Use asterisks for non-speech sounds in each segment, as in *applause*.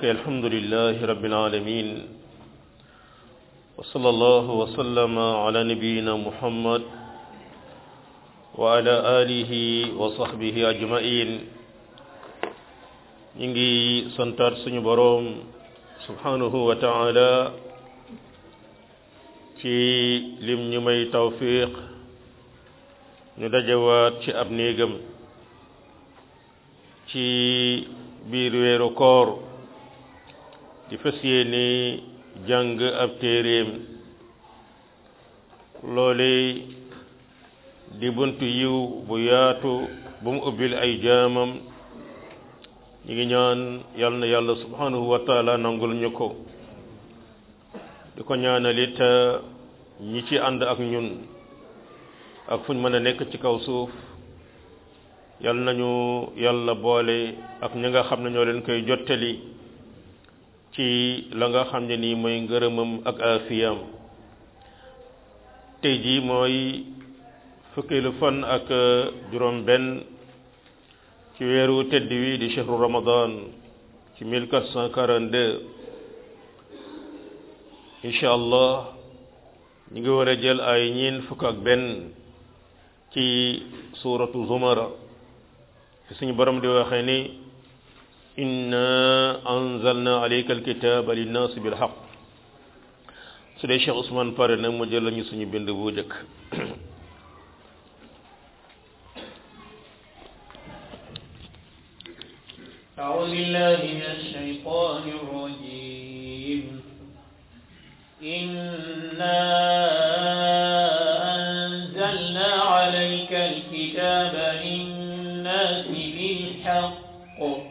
اوكي الحمد لله رب العالمين وصلى الله وسلم على نبينا محمد وعلى آله وصحبه أجمعين نجي سنتار سنبروم سبحانه وتعالى في لم نمي توفيق ندجوات في أبنيغم في بير ويرو كور di fas yéene jàng ab téeréem loole di bunt yiw bu yaatu bu mu ubbil ay jaamam ñu ngi ñaan yàlla na yàlla subhanahu wa taala nangul ñu ko di ko ñaanal it uh, ñi ci ànd ak ñun ak fuñ mën a nekk ci kaw suuf yàlla nañu yàlla boole ak ñi nga xam ne ñoo leen koy jottali ci la nga xam ne nii mooy ngërëmam ak afiyam tey jii mooy fukkilu fan ak juróom benn ci weeru tedd wi di chehru ramadan ci 1442 allah ñu ngi war a jël ay ñiin fukk ak benn ci suuratu zumara suñu borom di waxee ni إنا أنزلنا عليك الكتاب للناس بالحق سيدي الشيخ عثمان فارنا مجلل نسني بن دبودك أعوذ بالله من الشيطان الرجيم إنا أنزلنا عليك الكتاب للناس بالحق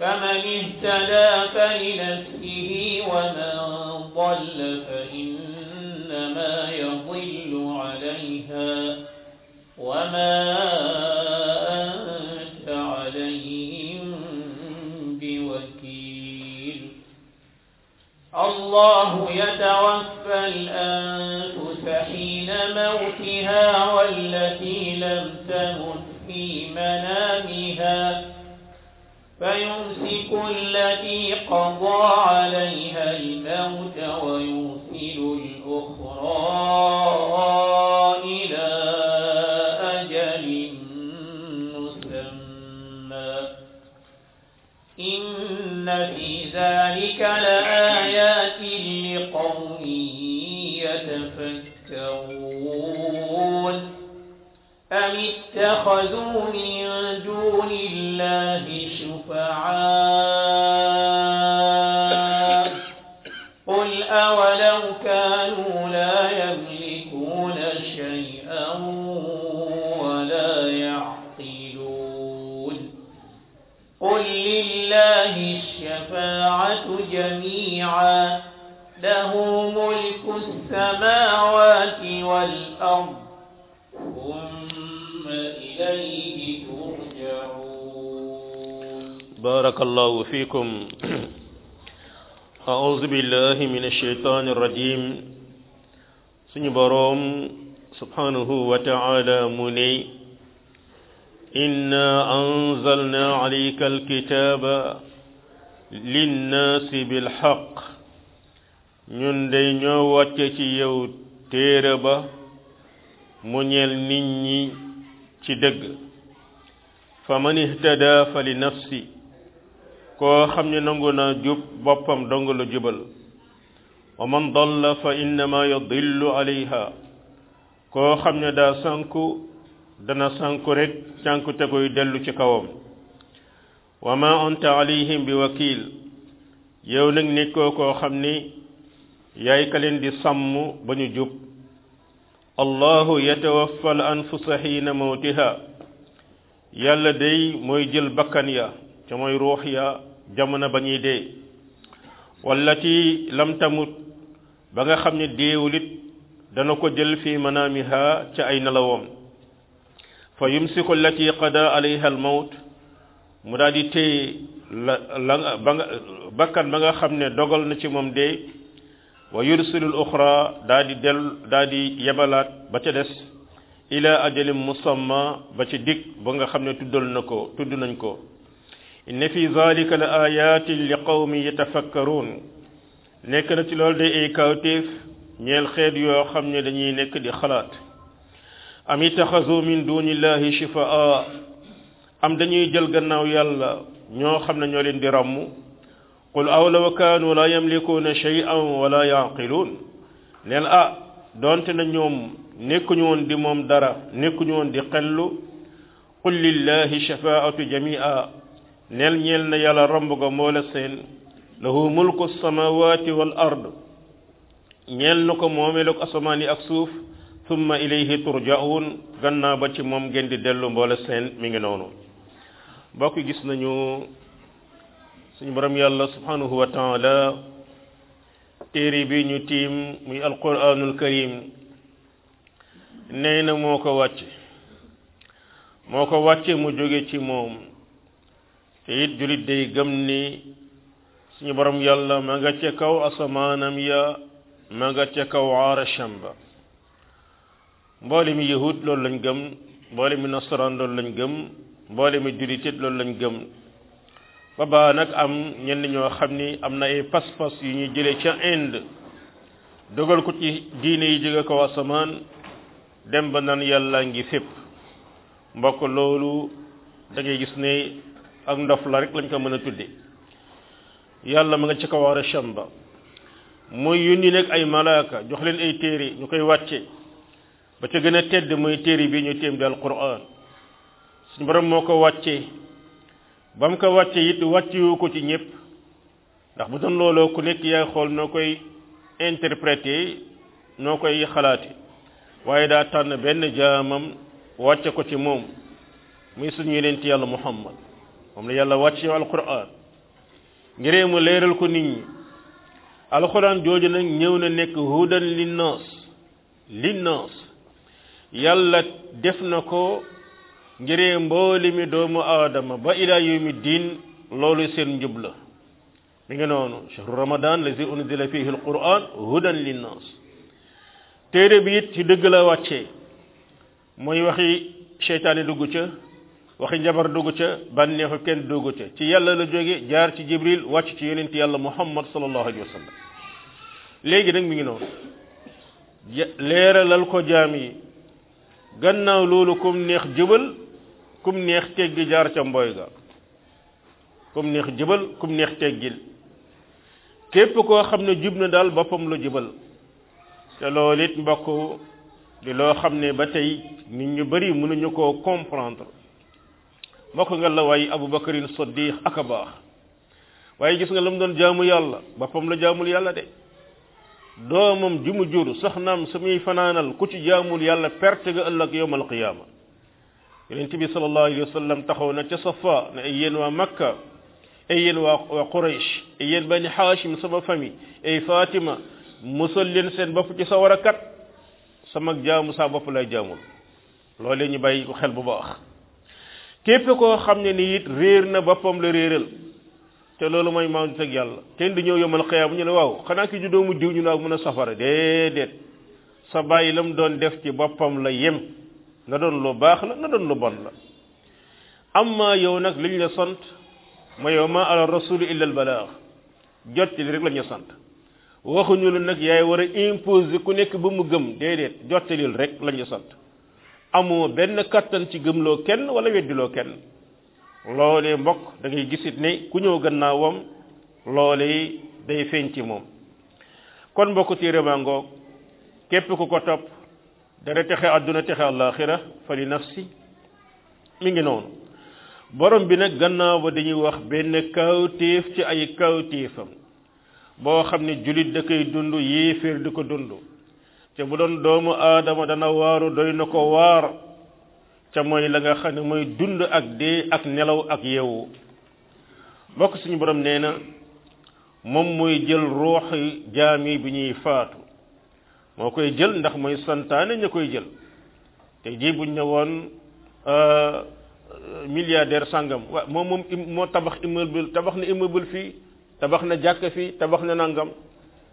فمن اهتدى فلنفسه ومن ضل فإنما يضل عليها وما أنت عليهم بوكيل الله يتوفى الأنفس حين موتها والتي لم تمت في منامها فيمسك التي قضى عليها الموت ويرسل الأخرى إلى أجل مسمى إن في ذلك لآيات لقوم يتفكرون أم اتخذوا من دون الله قل أولو كانوا لا يملكون شيئا ولا يعقلون قل لله الشفاعة جميعا له ملك السماوات والأرض ثم إليه بارك الله فيكم أعوذ بالله من الشيطان الرجيم سنبروم سبحانه وتعالى مني إنا أنزلنا عليك الكتاب للناس بالحق ñun day يو تيربا ci yow تدق فمن اهتدى فلنفسي ko xam nanguna jup na jub dong la jubal wa man dalla fa innama yadhillu alayha ko xam da sanku dana sanku rek sanku te koy delu ci kawam wa ma anta alayhim biwakil yow nak ne ko ko ni yaay kalen di sam bañu jub allahu yatawaffa al anfusa xiina mawtiha yàlla day mooy jël bakkan ya jamono ba ñuy dee wallati lam tamut ba nga xam ni deewul it dana ko jël fi manaamiha ci ay nelawoom fa yumsiku allati qada alayha almawt mu daal di la la ba nga bakkan ba nga xam ne dogal na ci moom dee wa yursilul uxra daal di del yebalaat ba ca des ila ajalin musamma ba ci dikk ba nga xam ne tuddal na ko tudd nañ ko إن في ذلك الآيات قوم يتفكرون نكنا تلول دي اي كاوتيف نيال خير يو خمنا لني نك دي خلات أم يتخذوا من دون الله شفاء أم دني جلغنا ويالا نيو خمنا نيولين دي رمو قل أولو كانوا لا يملكون شيئا ولا يعقلون نيال آ دونتنا نيوم نكو دي موم دارا دي قلو قل لله شفاءة جميعا nel ñel na yalla romb ko mo la seen lahu mulku samawati wal ard ñel nako momi lok asmani ak suuf thumma ilayhi turja'un ganna ba ci mom ngeen di delu mo la seen mi ngi nonu bokk gis nañu suñu borom yalla subhanahu wa ta'ala téré bi ñu tim muy alquranul karim neena moko wacce moko wacce mu joge ci mom te it julit day gëm ni suñu borom yàlla ma nga ca kaw asamaanam ya ma nga ca kaw arasham ba mboolemi yahud loolu lañ gëm mboolemi nasaraan loolu lañ gëm mboolemi julit it loolu lañ gëm ba baa nag am ñenn ñoo xam ni am na ay pas-pas yu ñuy jëlee ca inde dogal ko ci diine yi jóge kaw asamaan dem ba nan yàlla ngi fépp mbokk loolu da ngay gis ne ak ndof la rek lañ ko mën a tudde yàlla ma nga ci kaw arsham ba mooy yónni nag ay malaaka jox leen ay téere ñu koy wàcce ba ca gën a tedd mooy téere bi ñu téem di alquran suñu borom moo ko wàccee ba mu ko wàccee it wàccewu ko ci ñëpp ndax bu doon looloo ku nekk yaa xool noo koy interpréter noo koy xalaati waaye daa tànn benn jaamam wàcce ko ci moom muy suñu ci yàlla muhammad moom la yàlla wàcce alquran ngir mu leeral ko nit ñi alquran jooju nag ñëw na nekk hudan linnaas linnaas yàlla def na ko ngir mbooli mi doomu aadama ba ila yawmi loolu seen njub la mi ngi noonu chahru ramadan lazi unzila fihi alquran hudan linnaas téere bi it ci dëgg la wàccee mooy waxi seytaane dugg ca waxi njabar dugg ca bànneexu kenn dugg ca ci yàlla la jóge jaar ci jibril wàcc ci yonent yàlla muhammad sallallahu alayhi wa sallam léegi nag mi ngi noonu leeralal ko jaam yi gannaaw loolu kum neex jëbal kum neex teggi jaar ca mbooy ga kum neex jëbal kum neex teggil képp koo xam ne jub na daal boppam la jëbal te lool it mbokk di loo xam ne ba tey nit ñu bari mënuñu koo comprendre mbokk nga la waaye abu bakarin saddiq ak a baax waaye gis nga la doon jaamu yàlla boppam la jaamul yàlla de doomam ju mu jur soxnaam su muy fanaanal ku ci jaamul yàlla perte nga ëllëg yowm alqiyaama yonent bi sallallahu alayhi wa sallam taxaw na ca safa ne ay yéen waa makka ay wa waa waa quraysh ay yéen bani haashim sama famille ay fatima musal leen seen bopp ci sawara kat sama jaamu saa bopp lay jaamul loolee ñu bay ko xel bu baax képp koo xam ne ni it réer na boppam la réeral te loolu mooy maam ak yàlla kenn di ñëw yomal xiyaam ñu la waaw xanaa ki ju doomu diw ñu naaw mën a safara déedéet sa bàyyi la mu doon def ci boppam la yem na doon lu baax la na doon lu bon la amma yow nag liñ la sant ma yow ma ala rasul illa al balaax rek la sant waxuñu lu nag yaay war a imposer ku nekk ba mu gëm déedéet jottalil rek la ñu sant amoo benn kattan ci gëmloo kenn wala weddiloo kenn loolee mbokk da ngay gisit ne ku ñëw gannaawam loolee day feeñ ci moom kon mbokk téere baa ngoog képp ku ko topp dara texe àdduna texe àllaaxira fa li nafsi mi ngi noonu borom bi nag gannaaw ba dañuy wax benn kawtéef ci ay kawtéefam boo xam ne jullit da koy dund yéeféer di ko dund te bu doon doomu aadama dana waaru doy na ko waar ca mooy la nga xam ne mooy dund ak dee ak nelaw ak yeewu bokk suñu borom nee na moom mooy jël ruuxi jaami bi ñuy faatu moo koy jël ndax mooy santaane ña koy jël te jii buñ ne woon euh, euh, milliardaire sàngam waa moom moom moo tabax immeuble tabax na immeuble fii tabax na jàkk fii tabax na nangam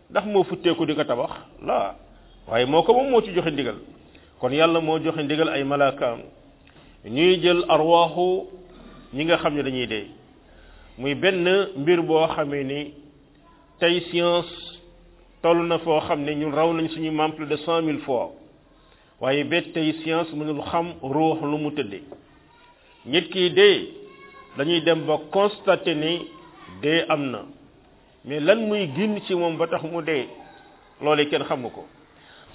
ndax moo futteeku di ko tabax laa waaye moo ko moom moo ci joxe ndigal kon yàlla moo joxe ndigal ay malaakaam ñuy jël arwaaxu ñi nga xam ne dañuy dee muy benn mbir boo xamee ni tey science toll na foo xam ne ñun raw nañ suñu maam plus de cent mille fois waaye ba tey science mënul xam ruux lu mu tëddee nit ki dee dañuy dem ba constater ni dee am na mais lan muy génn ci moom ba tax mu dee loole kenn xamu ko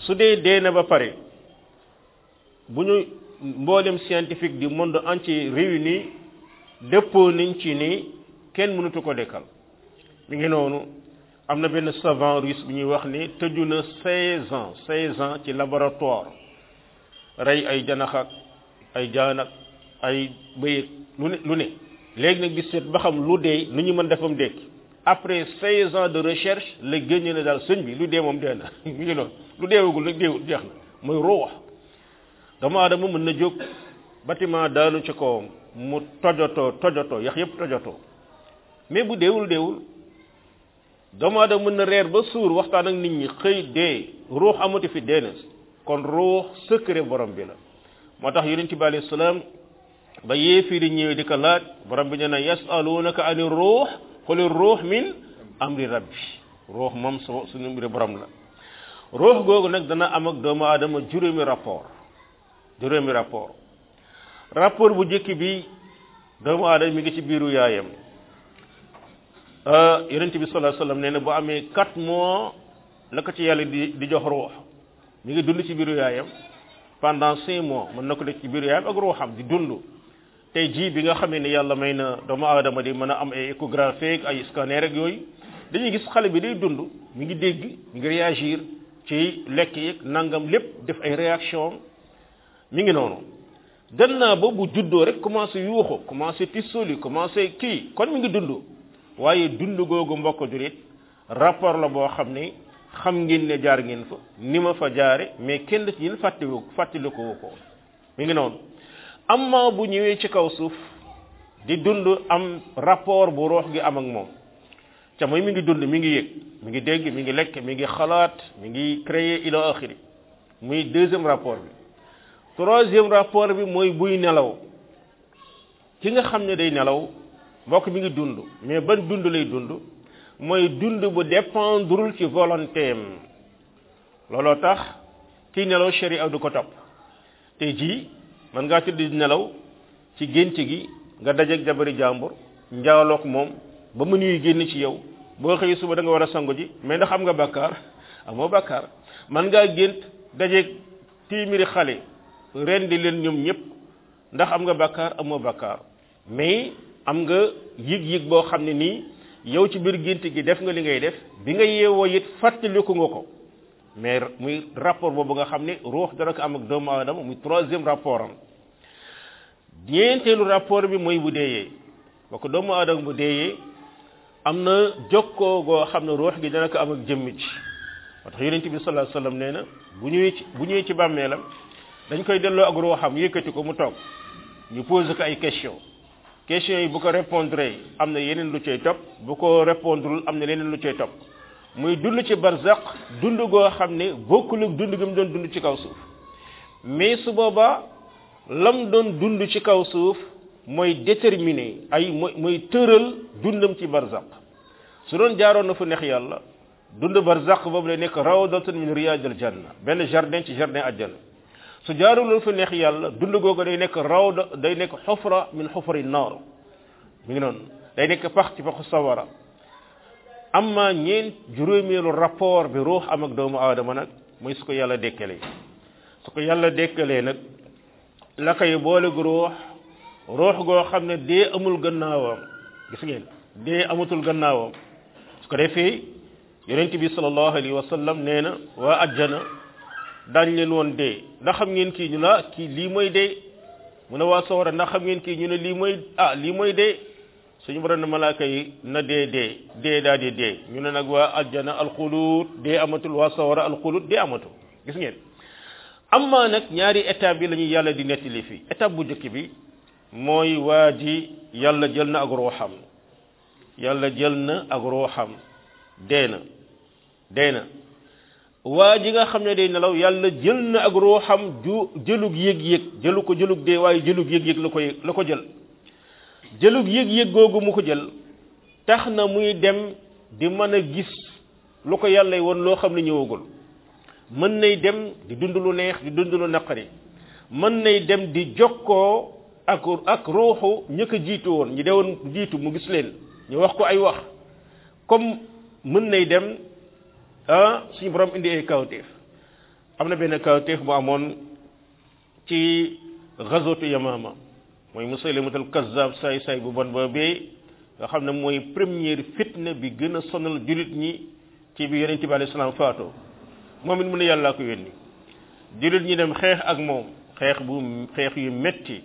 su dee dee na ba pare bu ñu mboolem scientifique du monde entier réunis dëppoo nañ ci nii kenn mënatu ko dekkal mi ngi noonu am na benn savant russe bu ñuy wax ni tëju na seize ans seize ans ci laboratoire rey ay janaxak ay jaanak ay bëy lu ne lu ne léegi nag di seet ba xam lu dee nu ñu mën defam dekki après seize ans de recherche la génne na daal sëñ bi lu dee moom dee na mi *laughs* ngi noonu lu deewagul nag deewul jeex na mooy ruux doomu aadama mën na jóg batiment daanu ci kawam mu tojotoo tojotoo yax yëpp tojotoo mais bu deewul deewul doomu aadama mën na reer ba suur waxtaan ak nit ñi xëy dee ruux amati fi dee na kon ruux secret borom bi la moo tax yonent bi alayhi salaam ba yéefiri ñëwee di ko laaj borom bi nee na yasalunaka ani ruux xulir ruux min amri rabbi ruux moom su suñu mbiri borom la ruux googu nag dana am ak doomu aadama juróomi rapport juróomi rapport rapport bu njëkk bi doomu aadama mi ngi ci biiru yaayam euh, yonent bi sallallahu alayhi wasallam na bu amee quatre mois la ci yàlla di di jox ruux mi ngi dund ci biiru yaayam pendant cinq mois mën na ko ci biiru yaayam ak ruuxam di dund tey jii bi nga xamee ne yàlla may na doomu aadama di mën a am ay échographie ay scanner rek yooyu dañuy gis xale bi day dund mi ngi dégg mi ngi réagir ci lekk yi nangam lépp def ay réaction mu ngi noonu gannaaw ba bu juddoo rek commencé yuuxu commencé tissoli commencé kii kon mi ngi dund waaye dund googu mbokk julit rapport la boo xam ni xam ngeen ne jaar ngeen fa ni ma fa jaare mais kenn ci yéen fàttaliku fàttaliku ko mi ngi noonu amma bu ñëwee ci kaw suuf di dund am rapport bu roox gi am ak moom ca mooy mi ngi dund mi ngi yëg mi ngi dégg mi ngi lekk mi ngi xalaat mi ngi créer ila axiri muy deuxième rapport bi troisième rapport bi mooy buy nelaw ki nga xam ne day nelaw mbokk mi ngi dund mais ban dund lay dund mooy dund bu dépendrul ci volonté am looloo tax kiy nelaw sharia du ko topp te ji man ngaa tëdd di nelaw ci gént gi nga dajeeg jabari jàmbur njaaloog moom ba mu nuyu génn ci yow boo xëyee suba danga nga war a sangu ji mais ndax am nga bàkkaar *laughs* amoo bàkkaar man ngaa gént dajeeg téeméeri xale ren di leen ñoom ñëpp ndax am nga bàkkaar amoo bàkkaar mais am nga yëg-yëg boo xam ne nii yow ci biir gént gi def nga li ngay def bi nga yeewoo it fàttaliku nga ko mais muy rapport boobu nga xam ne ruux dana ko am ak doomu aadama muy troisième rapport am ñeenteelu rapport bi mooy bu deeyee ba ko doomu aadama bu deeyee am na jokkoo goo xam ne ruux gi dana ko am ak jëmm ci moo tax yonent bi sallallahu alayhi nee na bu ñëwee ci bu ñëwee ci bàmmeelam dañ koy delloo ak ruuxam yëkkati ko mu toog ñu pose ko ay question question yi bu ko répondre am na yeneen lu cay topp bu ko répondrul am na leneen lu cay topp muy dund ci barzaq dund goo xam ne bokkul ak dund gi mu doon dund ci kaw suuf mais su booba lam doon dund ci kaw suuf mooy déterminé ay mooy tëral dundam ci barzaq su doon jaaroon na fu neex yàlla dund barzaq boobu lay nekk rawdatun min riyadil janna benn jardin ci jardin àjjana su jaarul na fu neex yàlla dund googu day nekk rawda day nekk xufra min xufri nar mi ngi noonu day nekk pax ci pax sawara amma ñeent juróomeelu rapport bi ruux am ak doomu aadama nag mooy su ko yàlla dékkalee su ko yàlla dékkalee nag la koy booleg ruux ruux goo xam ne dee amul gannaawam gis ngeen dee amatul gannaawam su ko defee yonent bi sallallahu alayhi wa sallam nee na waa ajjana daañ leen woon dee ndax xam ngeen kii ñu la lii mooy dee mu ne waa sawara ndax xam ngeen kii ñu ne lii mooy ah lii mooy dee suñu borom ne malaaka yi na dee dee dee daa dee ñu ne nag waa aljana alxulut dee amatul waa sawara alxulut dee amatul gis ngeen amma nag ñaari étape bi lañuy yàlla di nettali fii étape bu njëkk bi mooy waa ji yàlla jël na ak ruuxam yàlla jël na ak ruuxam dee na dee na waa ji nga xam ne day nelaw yàlla jël na ak ruuxam ju jëlug yëg-yëg jëlu ko jëlug dee waaye jëlug yëg-yëg la koy la ko jël jëlug yëg-yëg googu mu ko jël tax na muy dem di mën a gis lu ko yàlla woon loo xam ne ñëwagul mën nay dem di dund lu neex di dund lu naqari mën nay dem di jokkoo ak ak ruuxu ñi ko jiitu woon ñi dewoon jiitu mu gis leen ñu wax ko ay wax comme mën nay dem ah suñu borom indi ay kawteef am na benn kawteef bu amoon ci gazwatu Yamama mooy musaylimatul kazzab saay saay bu bon ba bee nga xam ne mooy première fitna bi gën a sonal jullit ñi ci bi yonent bi alayhi salaam faatoo moom it mu ne yàllaa ko yónni jullit ñi dem xeex ak moom xeex bu xeex yu metti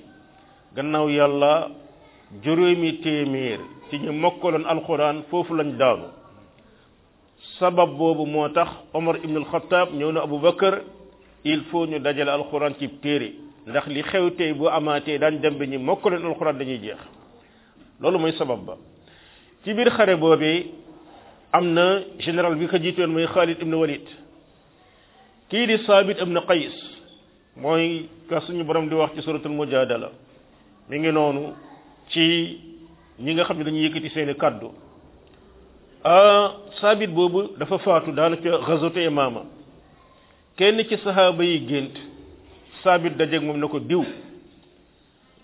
gannaaw yàlla juróomi téeméer ci ñu mokkaloon alxuraan foofu lañ daanu sabab boobu moo tax Omar ibn al ñëw na Abu Bakar il faut ñu dajale alxuraan ci téere ndax li xew tey bu amaatee daan dem bi ñi mokk leen alxuraan dañuy jeex loolu mooy sabab ba ci biir xare boobi am na général bi ko jiitoon mooy Khalid ibn Walid kii di Saabit ibn Qays mooy ka suñu borom di wax ci suratul mujadala mi ngi noonu ci ñi nga xam ne dañuy yëkkati seeni kàddu Saabit boobu dafa faatu daanaka gazwatu Yamaama kenn ci saxaaba yi gént saabit dajeeg moom na ko diw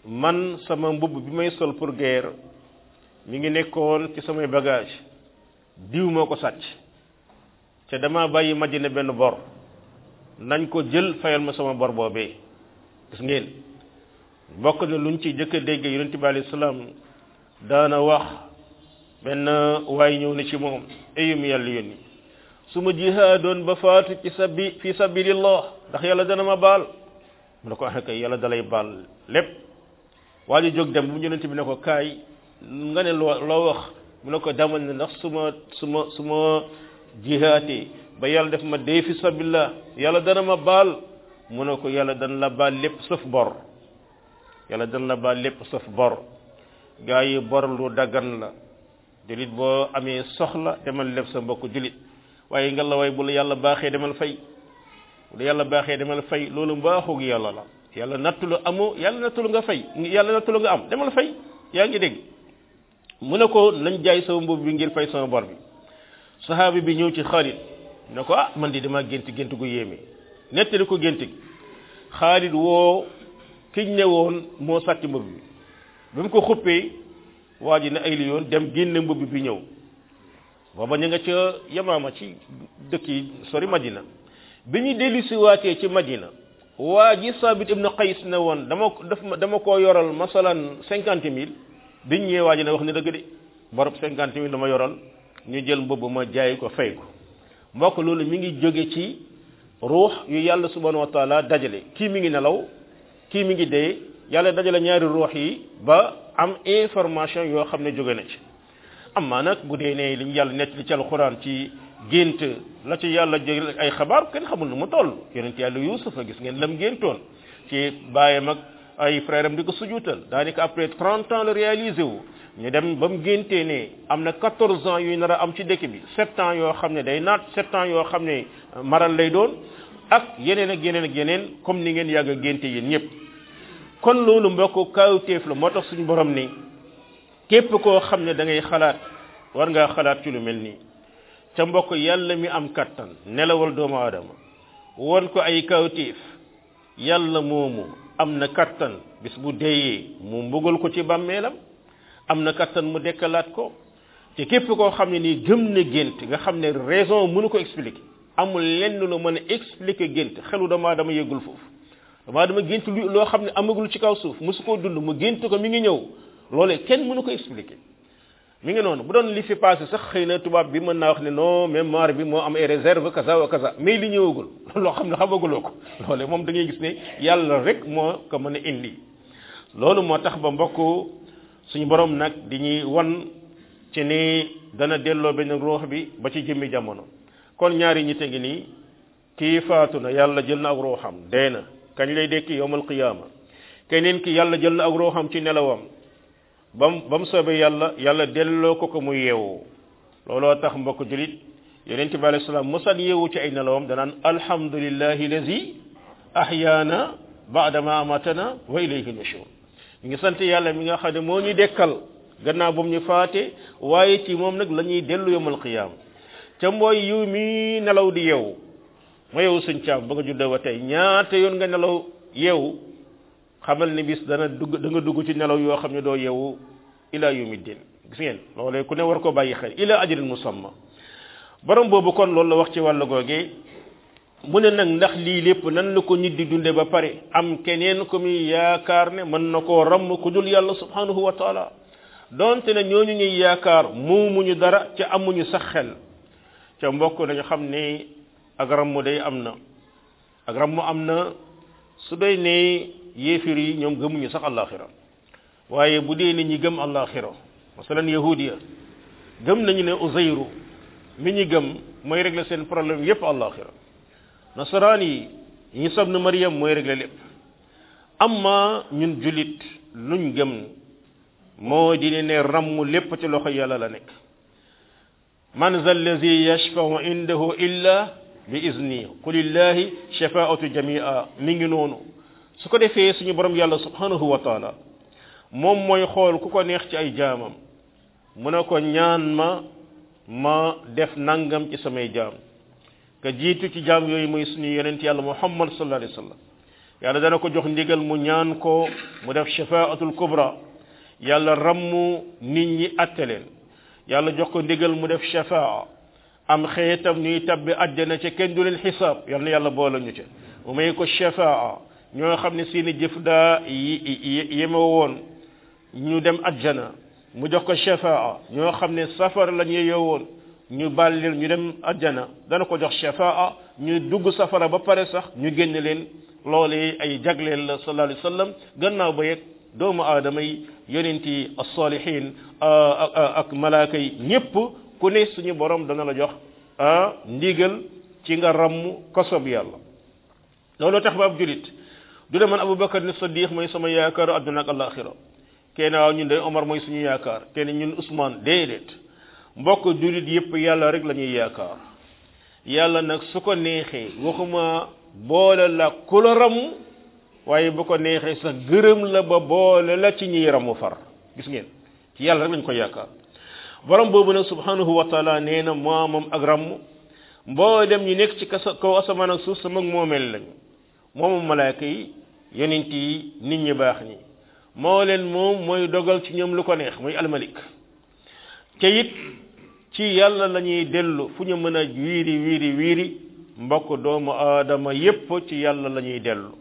man sama mbubb bi may sol pour guerre mi ngi nekkoon ci samay bagage diw moo ko sàcc te dama bàyyi Madina benn bor nañ ko jël fayal ma sama bor boobee gis ngeen bokk na luñ ci jëkk a dégg yonent bi alayhi salaam daana wax benn waay ñëw na ci moom ayum yàlla yónni su ma jihaadoon ba faatu ci sabi fi sabilillah ndax yàlla dana ma baal mu ne ko ah kay yàlla dalay baal lépp waa ji jóg dem bu mu yonente bi ne ko kaay nga ne loo loo wax mu ne ko demal ne ndax su ma su ma su ma jihaatee ba yàlla def ma dee fi sabilillah yàlla dana ma baal mu ne ko yàlla dana la baal lépp sauf bor yàlla dana la baal lépp bor gaa yi bor lu daggan la julit boo amee soxla demal leb sa mbokk julit waaye nga la way bu la yàlla baaxee demal fay bu yàlla baaxee demal la fay loolu mbaaxug yàlla la yàlla nattu la amoo yàlla nattu nga fay yàlla nattu la nga am demal fay yaa ngi dégg mu ne ko nañ jaay sama mbubb bi ngir fay sama bor bi saxaabi bi ñëw ci Xaalid ne ko ah man di damaa gént gént gu yéeme nettali ko gént gi Xaalid woo kiñ ne woon moo sàcc mbubb bi bi mu ko xuppee waa ji ne ay yoon dem génne mbubb bi ñëw booba ñu nga ca yamaama ci dëkk yi sori Madina bi ñu dellusi waatee ci madina waa ji sabit ibnu qays na woon dama ko daf dama koo yoral masalan cinquante mille biñ ñëwee waa ji ne wax ni dëgg de borob cinquante mille dama yoral ñu jël mbubb ma jaay ko fay ko mbokk loolu mi ngi jóge ci ruux yu yàlla subhanahu wa taala dajale kii mi ngi nelaw kii mi ngi dee yàlla dajale ñaari ruux yi ba am information yoo xam ne jóge na ci am maa nag bu dee ne li ñu yàlla nettali ci alxuraan ci gént la ci yàlla jël ay xabaar kenn xamul lu ma toll yonent yàlla Yuusuf a gis ngeen lam géntoon ci bàyyam ak ay frère am di ko sujuutal daanaka après 30 ans la réalisé wu ñu dem ba mu géntee ne am na 14 ans yuy nar a am ci dëkk bi 7 yoo xam ne day naat 7 ans yoo xam ne maral lay doon ak yeneen ak yeneen ak yeneen comme ni ngeen yàgg a génte yéen ñëpp kon loolu mbokk kaawteef la moo tax suñu borom ni képp koo xam ne da ngay xalaat war ngaa xalaat ci lu mel nii ca mbokk yàlla mi am kattan nelawal doomu aadama wan ko ay kawtiif yàlla moomu am na kattan bis bu deeyee mu mbugal ko ci bàmmeelam am na kattan mu dekkalaat ko te képp koo xam ne nii gëm na gént nga xam ne raison mënu ko explique amul lenn lu mën a expliquer gént xelu doomu aadama yëgul foofu doomu aadama gént lu loo xam ne amagul ci kaw suuf mosu koo dund mu gént ko mi ngi ñëw loolee kenn mënu ko expliquer mi ngi noonu bu doon lii fi passé sax xëy na tubaab bi mën naa wax ne non mémoire bi moo am ay réserve kaza wa kaza mais li ñëwagul *laughs* loo xam ne xamaguloo ko loole moom da ngay gis ne yàlla rek moo ko mën a indi loolu moo tax ba mbokk suñu boroom nag di ñuy wan ci ni dana delloo benn ruux bi ba ci jëmmi jamono kon ñaari ñi tegi nii kii faatu na yàlla jël na ak ruuxam dee na kañ lay dekki yowmal qiyaama keneen ki yàlla jël na ak ruuxam ci nelawam bam ba mu soobee yàlla yàlla delloo ko ko mu yeewu looloo tax mbokk julit yonente bi alayhi salaam mosaan yeewu ci ay nelawam danaan alhamdulillahi lazi ahyaana baadama amatana wa ilayhi nushur ñu ngi sant yàlla mi nga xam ne moo ñu dekkal gannaaw bu ñu faate waaye ci moom nag la ñuy dellu yawmal qiyaama ca mooy yiw mi nelaw di yeewu ma yeewu suñ caam ba nga juddoo ba tey ñaata yoon nga nelaw yeewu xamal ni bis dana dugg da nga dugg ci nelaw yoo xam ne doo yeewu ila yawmiddin gis ngeen loolee ku ne war ko bàyyi xel ila ajrin musamma borom boobu kon loolu la wax ci wàllu googee mu ne nag ndax lii lépp nan la ko nit di dunde ba pare am keneen ko muy yaakaar ne mën na koo ramm ku dul yàlla subhanahu wa taala donte ñoo ñu ñuy yaakaar muumuñu dara ca amuñu sax xel ca mbokk dañu xam ne ak ramm day am na ak ramm am na su doy ne yéefir yi ñoom gëmuñu sax àllaaxira waaye bu dee nit ñi gëm àllaaxira masalan yahudiya gëm nañu ne Uzayru mi ñi gëm mooy régler seen problème yépp àllaaxira nasaraan yi ñi sab na Maryam mooy régler lépp amma ñun jullit luñ gëm moo di ne ràmm lépp ci loxo yàlla la nekk man za llazi yashfau indahu illa bi izni qulillahi shafaatu jamia mi ngi noonu su ko defee suñu borom yàlla subhanahu wa taala moom mooy xool ku ko neex ci ay jaamam mu ne ko ñaan ma ma def nangam ci samay jaam ka jiitu ci jaam yooyu muy suñu yonent yàlla muhammad sallallahu alayhi wasallam yàlla dana ko jox ndigal mu ñaan ko mu def shafaatul kubra yàlla rammu nit ñi atte yàlla jox ko ndigal mu def shafaa am xeetam ñuy tabbi àjjana ca kenn du leen xisaab yàlla yàlla boole ñu ca mu may ko shafaa ñoo xam ne seeni jëf daa yeme woon ñu dem ajjana mu jox ko shafaa ñoo xam safar la ñu ñu baal ñu dem ajjana dana ko jox shafaa ñu dugg safara ba pare sax ñu génn leen loolee ay jagleel la sallallahu alayhi wasallam gannaaw ba yeg doomu aadama yi yonent as-salihin ak malaaka yi ñépp ku ne suñu borom dana la jox ndigal ci nga ramm kosob yàlla loolu tax ba julit du de man abubakar ni sadiq moy sama yaakar aduna ak alakhira kene wa ñun day omar moy suñu yaakar kene ñun ousmane dedet mbokk julit yep yalla rek la ñuy yalla nak nag su ko waxuma boole la kuloram waye waaye bu ko neexee sa gërëm la ba boole la ci ñi ramu far gis ngeen ci yalla rek lañ ko yaakar borom bobu nag subhanahu wa taala neena na mom ak ramm dem ñu nekk ci ko asamaan ak suuf sama momel lañ momu malaika yi yonent yi nit ñi baax ñi moo leen moom mooy dogal ci ñoom lu ko neex muy almalik te ci yàlla la ñuy dellu fu ñu mën a wiiri wiiri wiiri mbokk doomu aadama yépp ci yàlla la ñuy dellu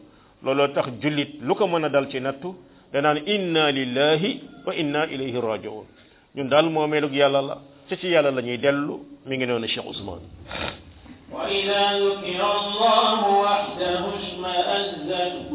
looloo tax jullit lu ko mën a dal ci nattu danaan inna lillahi wa inna ilayhi rajiun ñun daal moomeelug yàlla la ci ci yàlla la ñuy dellu mi ngi noonu Cheikh Ousmane wa ida dukira allahu wahdahu ishma'azzat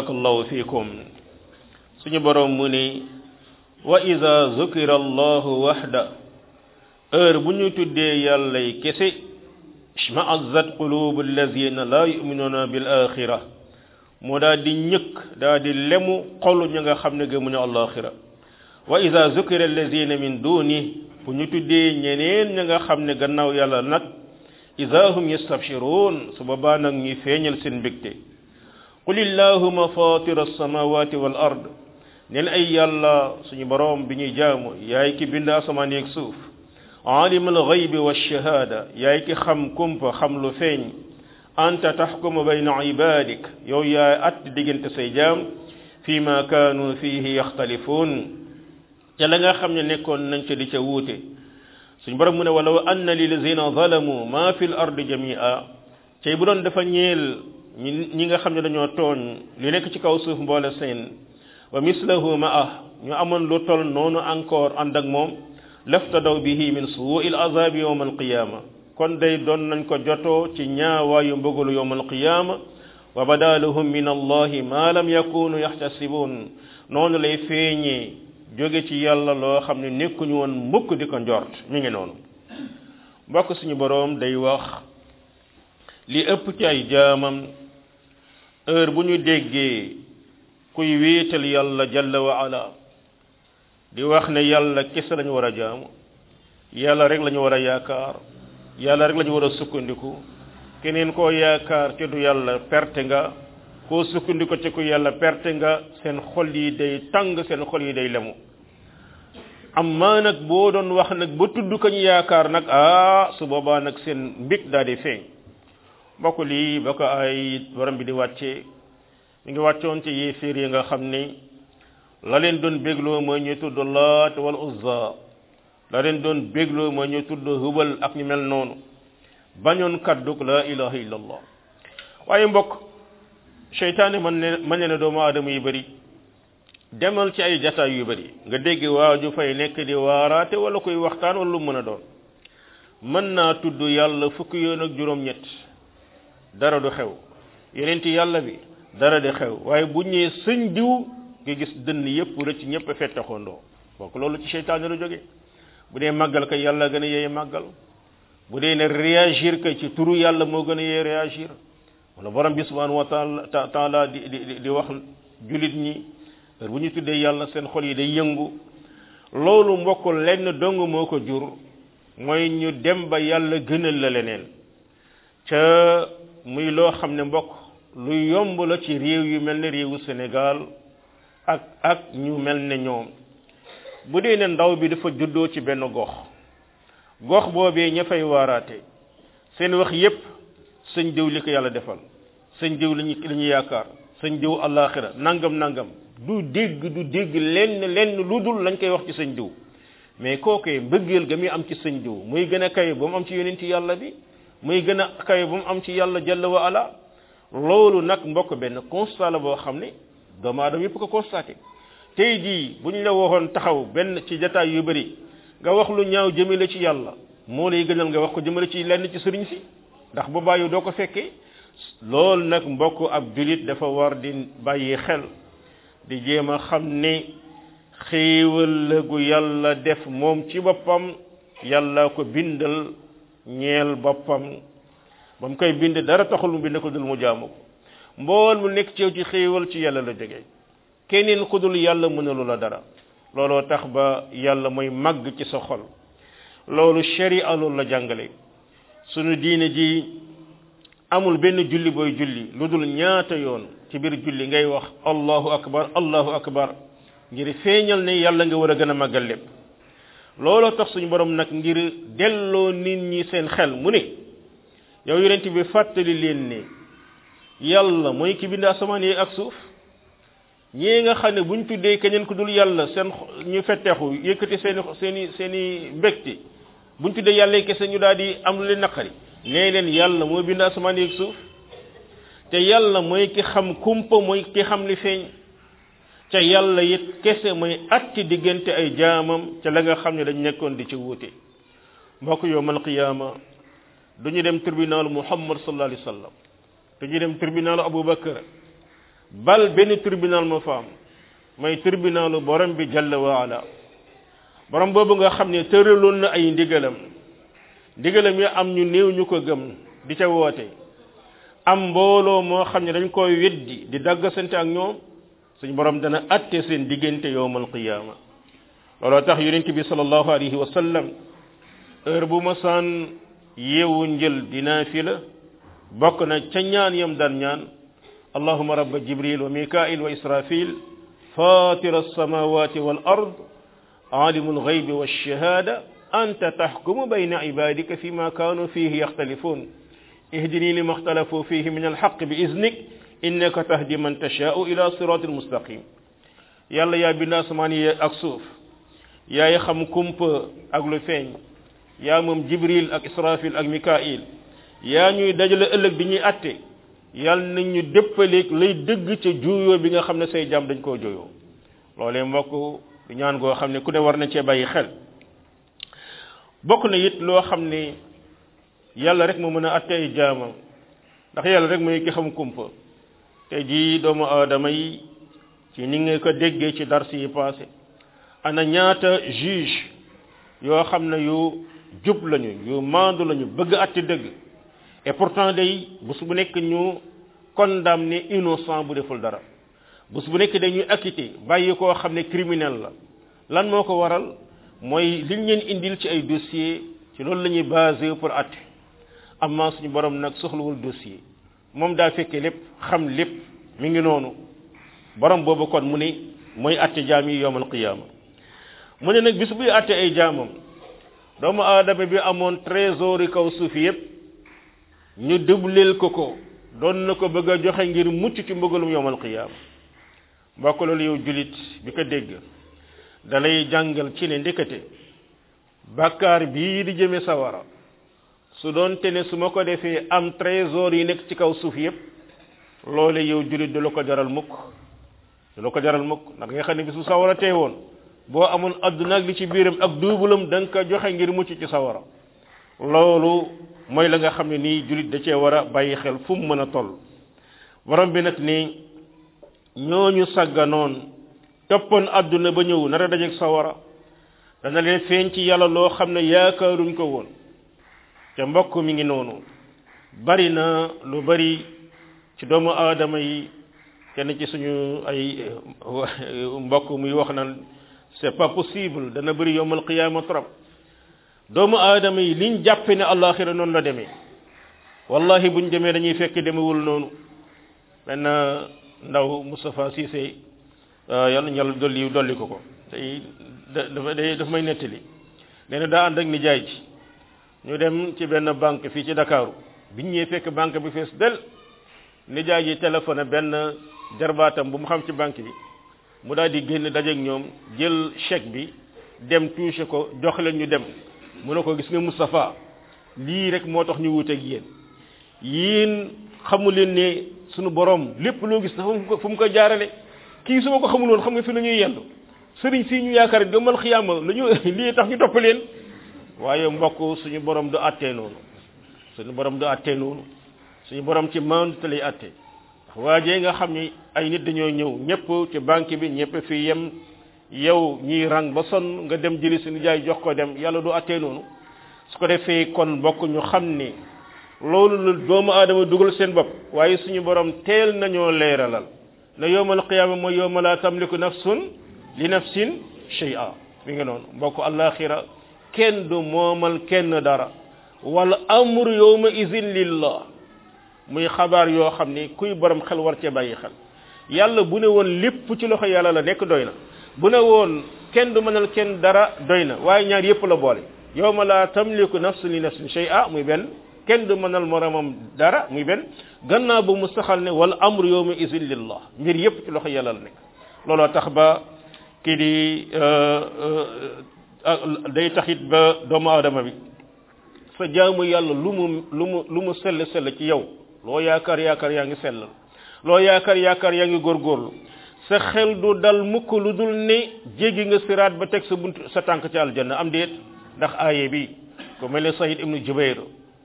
بارك الله فيكم سني بروم موني واذا ذكر الله وحده اير بني تودي يالله كسي اشمع الزت قلوب الذين لا يؤمنون بالاخره مودا دي نيك دا دي لمو خولو نيغا خامني گمو ني الاخره واذا ذكر الذين من دوني بني تودي نينين نيغا خامني گناو يالله نك اذا هم يستبشرون سببا ني فينيل سين بيكتي قل الله مفاطر السماوات والارض نل اي يلا سني بروم بني جامو ياي كي بيند اسمان يك سوف عالم الغيب والشهاده ياي كي خم كوم خم لو فين انت تحكم بين عبادك يو يا ات ديغنت سي جام فيما كانوا فيه يختلفون يلاغا خم ني نيكون نانتي ديتا ووتي سني بروم ولو ان للذين ظلموا ما في الارض جميعا تي بودون دا فا نيل ñi ñi nga xam ne dañoo tooñ li nekk ci kaw suuf mboole seen wa mislahu ma ñu amoon lu tol noonu encore ànd ak moom laftadaw bihi min suu'il azabi yawm alqiyama kon day doon nañ ko jotoo ci ñaawaayu mbëgalu yawm alqiyama wa bada lahum min allahi ma lam yakunu yaxtasibuun noonu lay feeñee jóge ci yàlla loo xam ne nekkuñu woon mukk di ko njort mi ngi noonu mbokk suñu boroom day wax li ëpp ci ay jaamam heure bu ñu déggee kuy wéetal yàlla jalla wa ala di wax ne yàlla kese lañu war a jaamu yàlla rek lañu war a yaakaar yàlla rek lañu war a sukkandiku keneen koo yaakaar te yàlla perte nga koo sukkandiku ci ku yàlla perte nga seen xol yi day tàng seen xol yi day lemu amma nag boo doon wax nag ba tudd kañ yaakaar nag ah su boobaa nag seen mbig daal di feeñ mbokk lii ba ko ay borom bi di wàccee mu ngi wàccoon ci yéeféer yi nga xam ni la leen doon bégloo mooy ñu tudd laat wal uzza la leen doon bégloo mooy ñu tudd hubal ak ñu mel noonu bañoon kadduk la ilaha illallah waaye mbokk seytaane mën ne mën ne doomu aadama yu bari demal ci ay jataay yu bari nga dégg waaju fay nekk di waaraate wala koy waxtaan wala lu mën a doon mën naa tudd yàlla fukk yoon ak juróom-ñett dara du xew yeneen ci yàlla bi dara di xew waaye bu ñëwee sëñ diw nga gis dënn yëpp rëcc ñëpp fettaxoondoo bokk loolu ci seytaane la jóge bu dee màggal ko yàlla gën a yee màggal bu dee ne réagir ko ci turu yàlla moo gën a yee réagir wala borom bi subhanahu wa taala taala di di di wax jullit ñi bu ñu tuddee yàlla seen xol yi day yëngu loolu mbokk lenn dong moo ko jur mooy ñu dem ba yàlla gënal la leneen ca muy loo xam ne mbokk lu yomb la ci réew yu mel ne réewu Sénégal ak ak ñu mel ne ñoom bu dee ne ndaw bi dafa juddoo ci benn gox gox boobee ña fay waaraate seen wax yépp sëñ diw li ko yàlla defal sëñ diw li ñu li ñu yaakaar sëñ diw àllaaxira nangam nangam du dégg du dégg lenn lenn lu dul lañ koy wax ci sëñ diw mais kooku mbëggeel ga muy am ci sëñ diw muy gën a kawe ba mu am ci yonent yàlla bi muy gën a kawe bu mu am ci yàlla jalla wa ala loolu nag mbokk benn constat boo xam ne doomu aadama yëpp ko constaté tey jii bu ñu la waxoon taxaw benn ci jataay yu bëri nga wax lu ñaaw la ci yàlla moo lay gënal nga wax ko jëmale ci lenn ci sëriñ si ndax bu bàyyi doo ko fekkee loolu nag mbokk ab jullit dafa war di bàyyi xel di jéem a xam ne xéewal la gu yàlla def moom ci boppam yàlla ko bindal ñeel boppam ba mu koy bind dara taxul mu bind ko dul mu jaamu ko mbool mu nekk ci yow ci xéewal ci yàlla la jógee keneen ku dul yàlla mënalu la dara looloo tax ba yàlla mooy màgg ci soxol xol loolu sharia loolu la jàngale sunu diine ji amul benn julli booy julli lu dul ñaata yoon ci biir julli ngay wax allahu akbar allahu akbar ngir feeñal ne yàlla nga war a gën a màggal lépp looloo tax suñu borom nag ngir delloo nit ñi seen xel mu ne yow yonent bi fàttali leen ne yàlla mooy ki bind asamaan yi ak suuf ñii nga xam ne buñ tuddee keneen ku dul yàlla seen ñu fetteexu yëkkati seeni seeni seeni mbégte buñ tuddee yàlla kese ñu daal di am lu leen naqari nee leen yàlla mooy bind asamaan yi ak suuf te yàlla mooy ki xam kumpa mooy ki xam li feeñ ca yàlla yit kese muy atti diggante ay jaamam ca la nga xam ne dañ nekkoon di ci wuute mbokk yowmal qiyaama du ñu dem tribunalu muhammad sallallahu alayhi wa sallam du ñu dem tribunalu abubakar bal benn tribunal ma fa am mooy tribunalu borom bi jalla waala borom boobu nga xam ne tëraloon na ay ndigalam ndigalam yi am ñu néew ñu ko gëm di ca woote am mbooloo moo xam ne dañ koy weddi di daggasante ak ñoom suñ borom dana atte seen digënté yowmal qiyamah lolo tax yonent bi sallallahu alayhi wa sallam heure bu ma san yewu ñël dina fi la bok na ca ñaan yam daan ñaan allahumma rabb jibril wa mikail wa israfil فاطر السماوات والأرض عالم الغيب والشهادة أنت تحكم بين عبادك فيما كانوا فيه يختلفون اهدني لما اختلفوا فيه من الحق بإذنك إنك تهدي من تشاء إلى صراط المستقيم يلا يا بنا سماني يا أكسوف يا يخم كمب أغلفين يا مم جبريل أك إسرافيل أك ميكائيل يا نيو دجل ألك بني أتي يال ني دبليك لي دغ تي جويو بيغا خامني ساي جام دنج كو جويو لولي موكو دي نان غو خامني كودي ورنا تي باي خيل بوكنا ييت لو خامني يالا ريك مو مانا اتاي جام داخ يالا ريك موي كي خام كومبو te jii doomu aadama yi ci ni nga ko déggee ci dars yi passé ana ñaata juge yoo xam ne yu jub lañu yu maandu lañu bëgg atti dëgg et pourtant day bés bu nekk ñu condamné innocent bu deful dara bés bu nekk dañuy acquitté bàyyi koo xam ne criminel la lan moo ko waral mooy liñ leen indil ci ay dossier ci loolu la ñuy basé pour atte amaa suñu borom nag soxlawul dossier moom daa fekkee lépp xam lépp mi ngi noonu borom boobu kon mu ni mooy atte jaam yi yowmal qiyaama mu ne nag bis buy atte ay jaamam doomu aadama bi amoon trésor yi kaw suuf yépp ñu dubleel ko ko doon na ko bëgg a joxe ngir mucc ci mbëggalum yowmal qiyaama mbokk loolu yow jullit bi ko dégg dalay jàngal ci ne ndekete bàkkaar bii di jëme sawara su doonte ne su ma ko defee am trésor yi nekk ci kaw suuf yépp loole yow jullit du la ko jaral mukk du la ko jaral mukk ndax nga xam ne bis bu sawara tee woon boo amoon àdduna ak li ci biiram ak duubulam da nga ko joxe ngir mucc ci sawara loolu mooy la nga xam ne nii jullit da cee war a bàyyi xel fu mu mën a toll woroom bi nag nii ñooñu sàgganoon toppoon àdduna ba ñëw nar a dajeeg sawara dana leen feeñ ci yàlla loo xam ne yaakaaruñ ko woon te mbokk mi ngi noonu bari na lu bari ci doomu aadama yi kenn ci suñu ay *laughs* mbokk muy wax na c'est pas possible dana bari yowmal qiyaama trop doomu aadama yi liñ jàppe ne àllaaxira noonu la demee wallahi buñ demee dañuy fekk demewul noonu benn ndaw Moustapha Cissé yàlla ñal dolli dolli ko ko tey dafa day dafa may nettali nee na daa ànd ak nijaay ji ñu dem ci benn banque fii ci Ndakaaru bi ñëwee fekk banque bi fees del nijaay ji téléphoné benn jarbaatam bu mu xam ci banque bi mu daal di génn dajeeg ñoom jël chèque bi dem touché ko jox leen ñu dem mu ne ko gis nga mustafa lii rek moo tax ñu wuteeg yéen yéen xamu leen ne sunu borom lépp loo gis dafa fu mu ko jaarale kii su ma ko xamul xam nga fi la ñuy yendu sëriñ si ñu yaakaar gëmal xiyaama la ñu *laughs* lii tax ñu topp leen waaye mbokk suñu borom du àttee noonu suñu borom du àttee noonu suñu borom ci maandu te lay àttee nga xam ni ay nit dañoo ñëw ñëpp ci banque bi ñëpp fii yem yow ñiy rang ba sonn nga dem jëli suñu jaay jox ko dem yàlla du àttee noonu su ko defee kon mbokk ñu xam ni loolu lu doomu aadama dugal seen bopp waaye suñu borom teel nañoo leeralal na yowmal qiyaama mooy yowma laa tamliku nafsun li nafsin shay'a mi ngi noonu mbokk àllaaxira kenn du moomal kenn dara wala amru yawma izin lillah muy xabaar yoo xam ni kuy borom xel war cee bàyyi xel yàlla bu ne woon lépp ci loxo yàlla la nekk doy na bu ne woon kenn du mënal kenn dara doy na waaye ñaar yépp la boole yawma la tamliku nafsun li nafsin a muy benn kenn du mënal moromam dara muy benn gannaaw ba mu saxal ne wala amru yawma izin lillah mbir yépp ci loxo yàlla la nekk looloo tax ba kii di euh, euh, day taxit ba doomu aadama bi sa jaamu yàlla lu mu lu mu lu mu sell sell ci yow loo yaakaar yaakaar yaa ngi la loo yaakaar yaakaar yaa ngi góor góorgóorlu sa xel du dal mukk lu dul ne jéggi nga siraat ba teg sa bunt sa tànk ci aljanna am déet ndax aaye bi ku mel ne Saïd ibnu Jubayr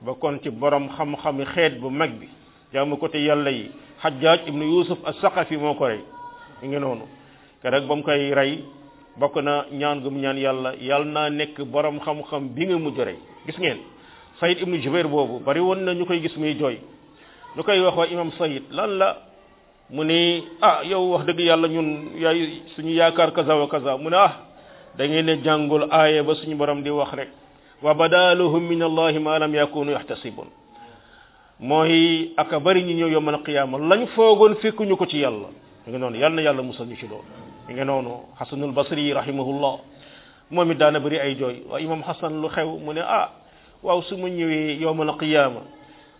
ba kon ci borom xam-xami xeet bu mag bi jaamu ko te yàlla yi Hajjaaj ibnu Yusuf as-Saqafi moo ko rey ñu ngi noonu keroog ba mu koy rey bokk na ñaan gu mu ñaan yàlla yàlla naa nekk borom xam-xam bi nga mujj rey gis ngeen Saïd ibnu Jubair boobu bari woon na ñu koy gis muy joy ñu koy wax waa imam Saïd lan la mu ni ah yow wax dëgg yàlla ñun yaay ñu yaakaar kaza wa kaza mu ne ah da ngeen ne jàngul aaya ba suñu borom di wax rek wa badaluhum min allahi ma lam yakunu yaxtasibun mooy aka bari ñu ñëw yowmal qiyaama lañ foogoon ñu ko ci yàlla nga noonu yàlla na yàlla musal ñu ci loolu mi nga noonu xasanul basri rahimahullah moom it daana bëri ay jooy waaye imam xasan lu xew mu ne ah waaw su ma ñëwee yowmal qiyaama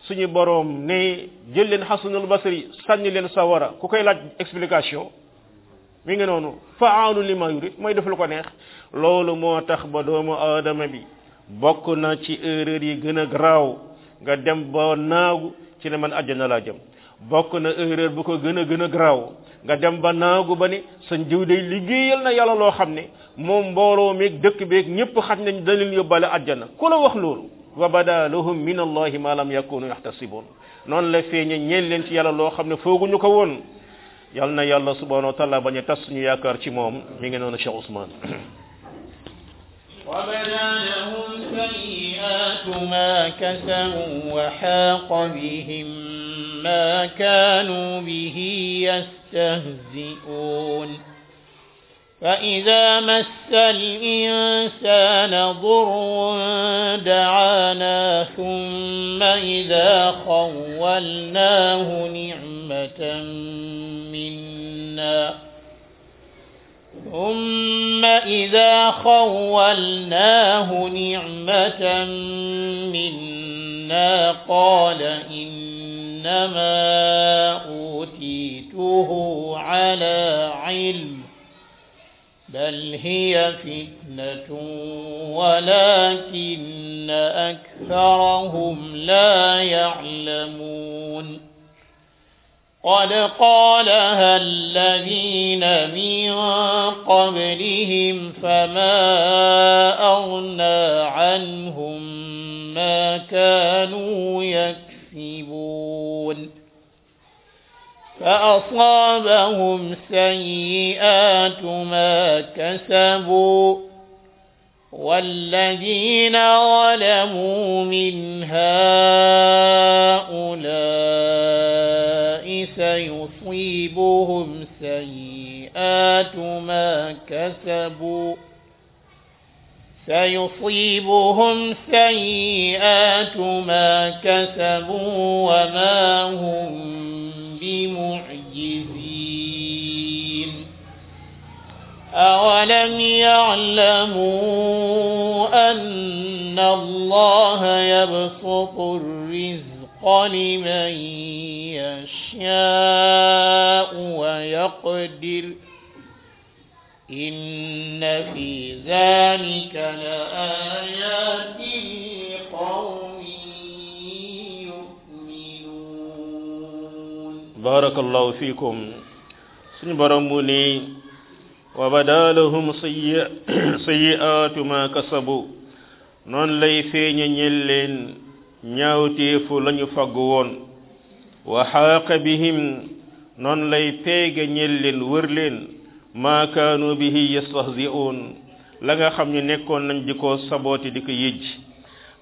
suñu boroom ne jël leen xasanul basri sànni leen sawara ku koy laaj explication mi ngi noonu faalu li yurid mooy def lu ko neex loolu moo tax ba doomu aadama bi bokk na ci erreur yi gën a garaaw nga dem ba naagu ci ne man na laa jëm bokk na erreur bu ko gën a gën a garaaw nga dem ba naagu ba ni sa jiw day liggéeyal na yàlla loo xam ne moom mbooloo meeg dëkk beeg ñëpp xaj nañ da leen yóbbaale àjjana ku la wax loolu wa bada lahum min allahi ma lam yakunu yaxtasiboon noonu la feeñe ñeel leen ci yàlla loo xam ne fooguñu ko woon yal na yalla subhanahu wa taala ba a tas suñu yaakaar ci moom mi ngi noonu Cheikh Ousmane وبدا لهم سيئات ما كسبوا وحاق بهم ما كانوا به يستهزئون فإذا مس الإنسان ضر دعانا ثم إذا خولناه نعمة منا ثم إذا خولناه نعمة منا قال إنما أوتيته على علم بل هي فتنة ولكن أكثرهم لا يعلمون قد قالها الذين من قبلهم فما أغنى عنهم ما كانوا يكسبون فأصابهم سيئات ما كسبوا والذين ظلموا من هؤلاء سيصيبهم سيئات ما كسبوا سيصيبهم سيئات ما كسبوا وما هم بمعجزين أولم يعلموا أن الله يبسط الرزق لمن يشاء ويقدر إن في ذلك لآيات لقوم يؤمنون بارك الله فيكم سنبرمني وبدا لهم سيئات ما كسبوا نون لي فيني ñaawteefu la ñu fagg woon wa xaaqa bihim noonu lay peega ñel leen wër leen maa kaanu bihi yastahzi'uun la nga xam ne nekkoon nañ di ko saboote di ko yëj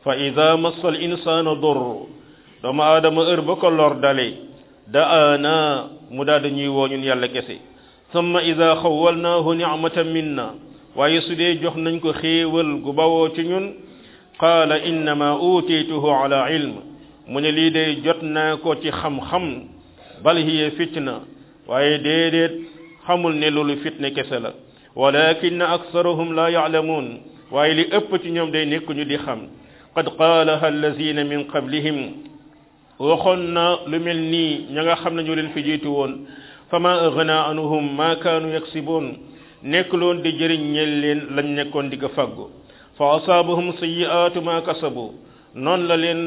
fa ida massa al insaana doomu aadama heure ba ko mu daal dañuy woo ñun yàlla kese summa ida xawwalnaahu nicmatan minna waaye su dee jox nañ ko xéewal gu bawoo قال انما اوتيته على علم من لي دي جوتنا كو تي خم خم بل هي فتنه واي ديدت خمول ني لولو فتنه كسلا ولكن اكثرهم لا يعلمون واي لي اوب تي نيوم دي نيكو ني دي خم قد قالها الذين من قبلهم وخنا لملني ملني نيغا خم نيو لين في وون فما اغنى عنهم ما كانوا يكسبون نيكلون دي جيرين نيل لين لا نيكون دي فاغو fa asaabahum sayyi'aatu ma kasabu noonu la leen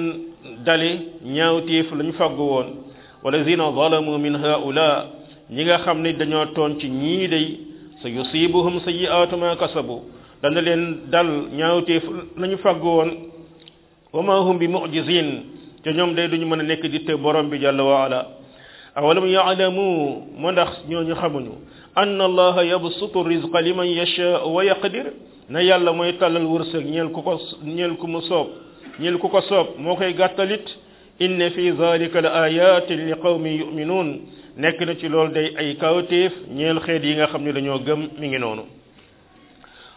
dali ñaawteef la ñu fàggu woon walazina zalamu min haula ñi nga xam ne dañoo toon ci ñii day sa yusibuhum sayyi'aatu ma kasabu dana leen dal ñaawteef la ñu fàggu wa ma hum bi mu'jizin te ñoom day duñu mën a nekk ditte borom bi jàlla wa ala awalam yaalamu mo ndax ñooñu xamuñu anna allaha yabsutu rizqa liman yasha wa yaqdir na yàlla mooy tàllal wërsëg ñeel ku ko ñeel ku mu soob ñeel ku ko soob moo koy gàttalit inna fi zalika la ayatin li qawmin yuminuun nekk na ci loolu day ay kawtéef ñeel xeet yi nga xam ne dañoo gëm mi ngi noonu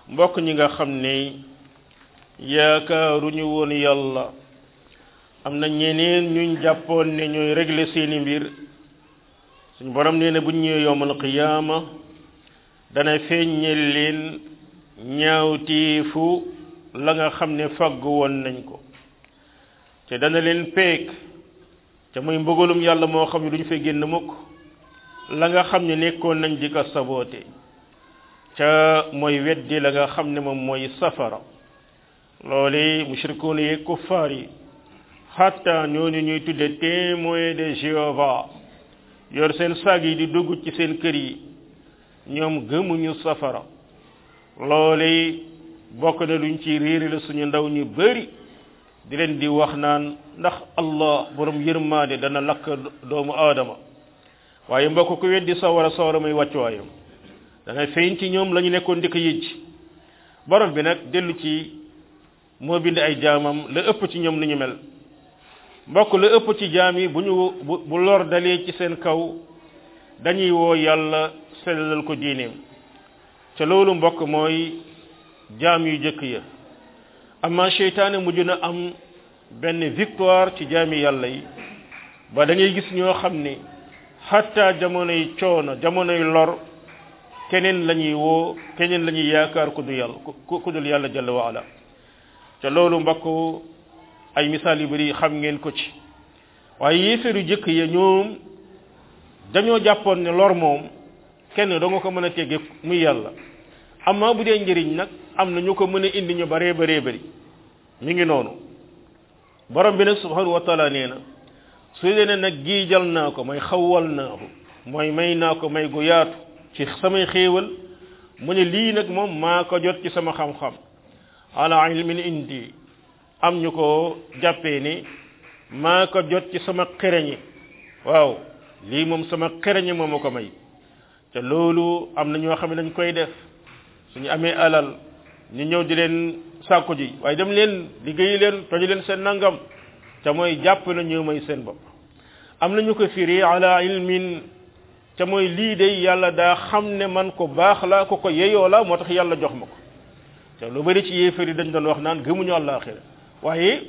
mbokk ñi nga xam ne yaakaaruñu woon yàlla am na ñeneen ñuñ jàppoon ne ñooy régler seeni mbir suñu borom nee na bu ñu ñëwee yowmal qiyaama dana feeññal leen ñaawteefu la nga xam ne fàgg woon nañ ko te dana leen peeg te muy mbëgalum yàlla moo xam ne duñu fay génn mukk la nga xam ne nekkoon nañ di ko saboote ca mooy weddi la nga xam ne moom mooy safara loole mushrikuun yi kuffaar yi xatta ñooñu ñuy tudde témoin de Jéhovah yor seen saag yi di dugg ci seen kër yi ñoom gëmuñu safara loole bokk na luñ ci réere la suñu ndaw ñu bari di leen di wax naan ndax allah borom yërmaade dana lakk doomu aadama waaye mbokk ku weddi sawara sawara muy wàccuwaayam dana feeñ ci ñoom lañu nekkoon di ko yëj borom bi nag dellu ci moo bind ay jaamam la ëpp ci ñoom ni ñu mel mbokk lu ëpp ci jaam yi bu ñu bu lor dalee ci seen kaw dañuy woo yàlla sellal ko diineem te loolu mbokk mooy jaam yu jëkk ya amma seytaane mujj na am benn victoire ci jaami yàlla yi ba dañuy gis ñoo xam ni xatta jamonoy coono jamonoy lor keneen lañuy woo keneen lañuy ñuy yaakaar ku yàlla ku dul yàlla jalla waala te loolu mbokk ay misaal yu bari xam ngeen ko ci waaye yéeféeru jëkk ya ñoom dañoo jàppoon ne lor moom kenn da ko mën a tege muy yàlla am amma bu dee njariñ nag am na ñu ko mën a indi ñu baree baree bari mu ngi noonu borom bi nag subhanahu wa nee na su leen nag gii jal naa ko may xawwal naa ko mooy may naa ko may gu yaatu ci samay xéewal mu ne lii nag moom maa ko jot ci sama xam-xam ala ilmin indi am ñu ko jàppee ni maa ko jot ci sama xereñi waaw lii moom sama xereñi moom ma ko may te loolu am na ñoo xam ne dañ koy def ñu amee alal ñu ñëw di leen sàkku ji waaye dem leen liggéeyi leen toji leen seen nangam te mooy jàpp na ñu may seen bopp am na ñu ko firi ala ilmin te mooy lii day yàlla daa xam ne man ko baax la ko ko yeyoo la moo tax yàlla jox ma ko te lu bari ci yéefar yi dañ doon wax naan gëmuñu àllaaxira waaye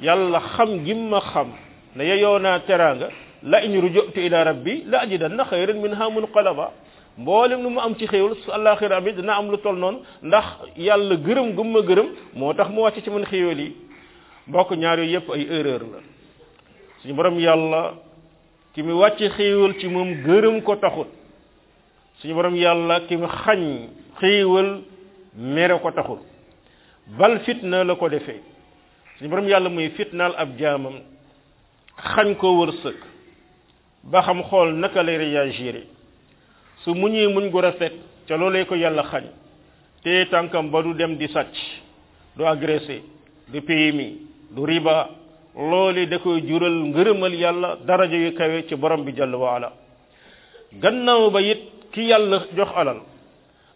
yàlla xam gi ma xam ne yow naa teraanga la in rujutu ila bi la ajidanna xayran minha munqalaba mboolem lu mu am ci xéewal su àllaaxira amit dina am lu toll noonu ndax yàlla gërëm gëm gërëm moo tax mu wàcc ci man xéewal yi bokk ñaar yooyu yëpp ay erreur la suñu borom yàlla ki mu wàcc xéewal ci moom gërëm ko taxut suñu borom yàlla ki mu xañ xéewal mere ko taxul bal na la ko defee suñu borom yàlla muy fitnaal ab jaamam xañ ko wërsëg ba xam xool naka lay réagir su muñee muñ gu rafet ca loolee ko yàlla xañ te tànkam ba du dem di sàcc du agressé du PMI du riba loole da koy jural ngërëmal yàlla daraja yu kawe ci borom bi jàll waala gannaaw ba it ki yàlla jox alal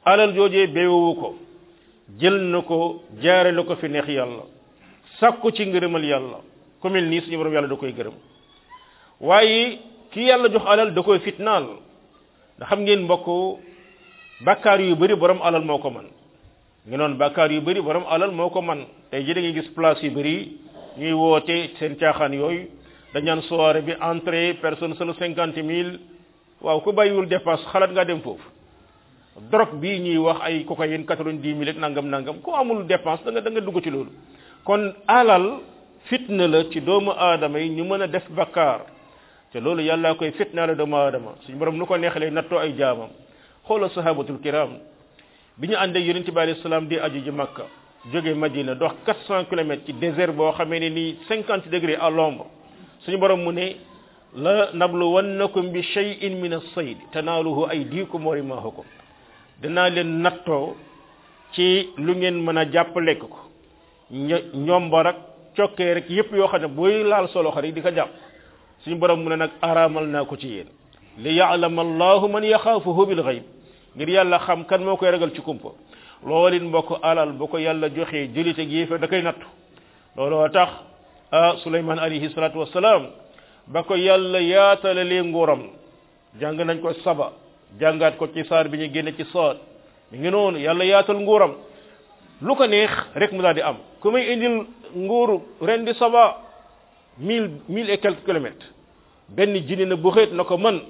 alal joojee beewu ko jël na ko jaare la ko fi neex yàlla ko ci ngërëmal yàlla ku mel nii suñu yàlla da koy gërëm waaye ki yàlla jox alal da koy fitnaal da xam ngeen mbokk bàkkaar yu bari borom alal moo ko man ngi noonu bàkkaar yu bëri borom alal moo ko man tey ji da gis place yu bëri ñuy woote seen caaxaan yooyu dañaan soirée bi entrée personne solo cinquante mille waaw ku bàyyiwul dépasse xalaat ngaa dem foofu drogue bii ñuy wax ay cocaïne quatre-vingt-dix mille ak nangam nangam ku amul dépense da nga da nga dugg ci loolu kon alal fitna la ci doomu aadama yi ñu mën a def bakkaar te loolu yàlla koy fitna la doomu aadama suñu borom lu ko neexalee natto ay jaamam xolo sahabatul kiram bi ñu àndee yonente bi alayhi salaam di aju ji makka jóge madina dox 400 kilomètres ci désert boo xamee ne nii 50 degré à l'ombre suñu borom mu ne la wannakum bi shay'in min as-sayd tanaluhu aydikum wa rimahukum dina len natto ci lu ngeen mëna a ko ñombo rek cioké rek yépp yo xamné boy laal solo xari yi di ko jàpp suñu borom mu ne nag araamal naa ko ci yéen li yaalama allahu man yakhafuhu bil ghaib ngir yàlla xam kan moo koy ragal ci kumpo lolin mbok alal bu ko yàlla joxé julite gi fa da kay nattu lolo tax ah suleyman alayhi salatu wassalam ba ko yàlla li nguram jàng nañ ko saba jangat ko ci sar biñu genn ci soot ngi non yàlla yaatal nguram lu ko neex rek mu daal di am ku muy indil nguuru ren di soba mille mille et quelques kilomètres benn jinne na bu na ko man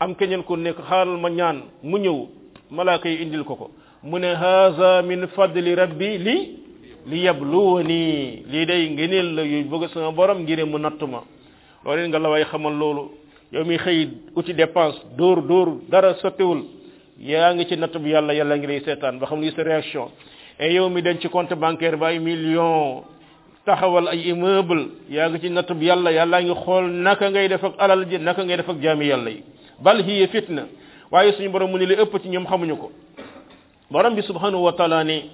am keneen ku nekk xaaral ma ñaan mu ñëw malaaka yi indil ko ko mu ne haza min fadli rabbi li li yabluwani lii day ngeneel la yu bëgg sama borom ngir mu natt ma loolu nga la way xamal loolu yow mi xëy uti dépense door dóor dara sottiwul yaa ngi ci natt bi yàlla yàlla ngi lay seetaan ba xam li sa réaction et yow mi denc compte bancaire ba ay million taxawal ay immeuble yaa ngi ci nattub yàlla yàllaa ngi xool naka ngay def ak alal ji naka ngay def ak jaami yàlla yi bal hiya fitna waaye suñu borom mu ne li ëpp ci ñoom xamuñu ko borom bi subhanahu wa taala ne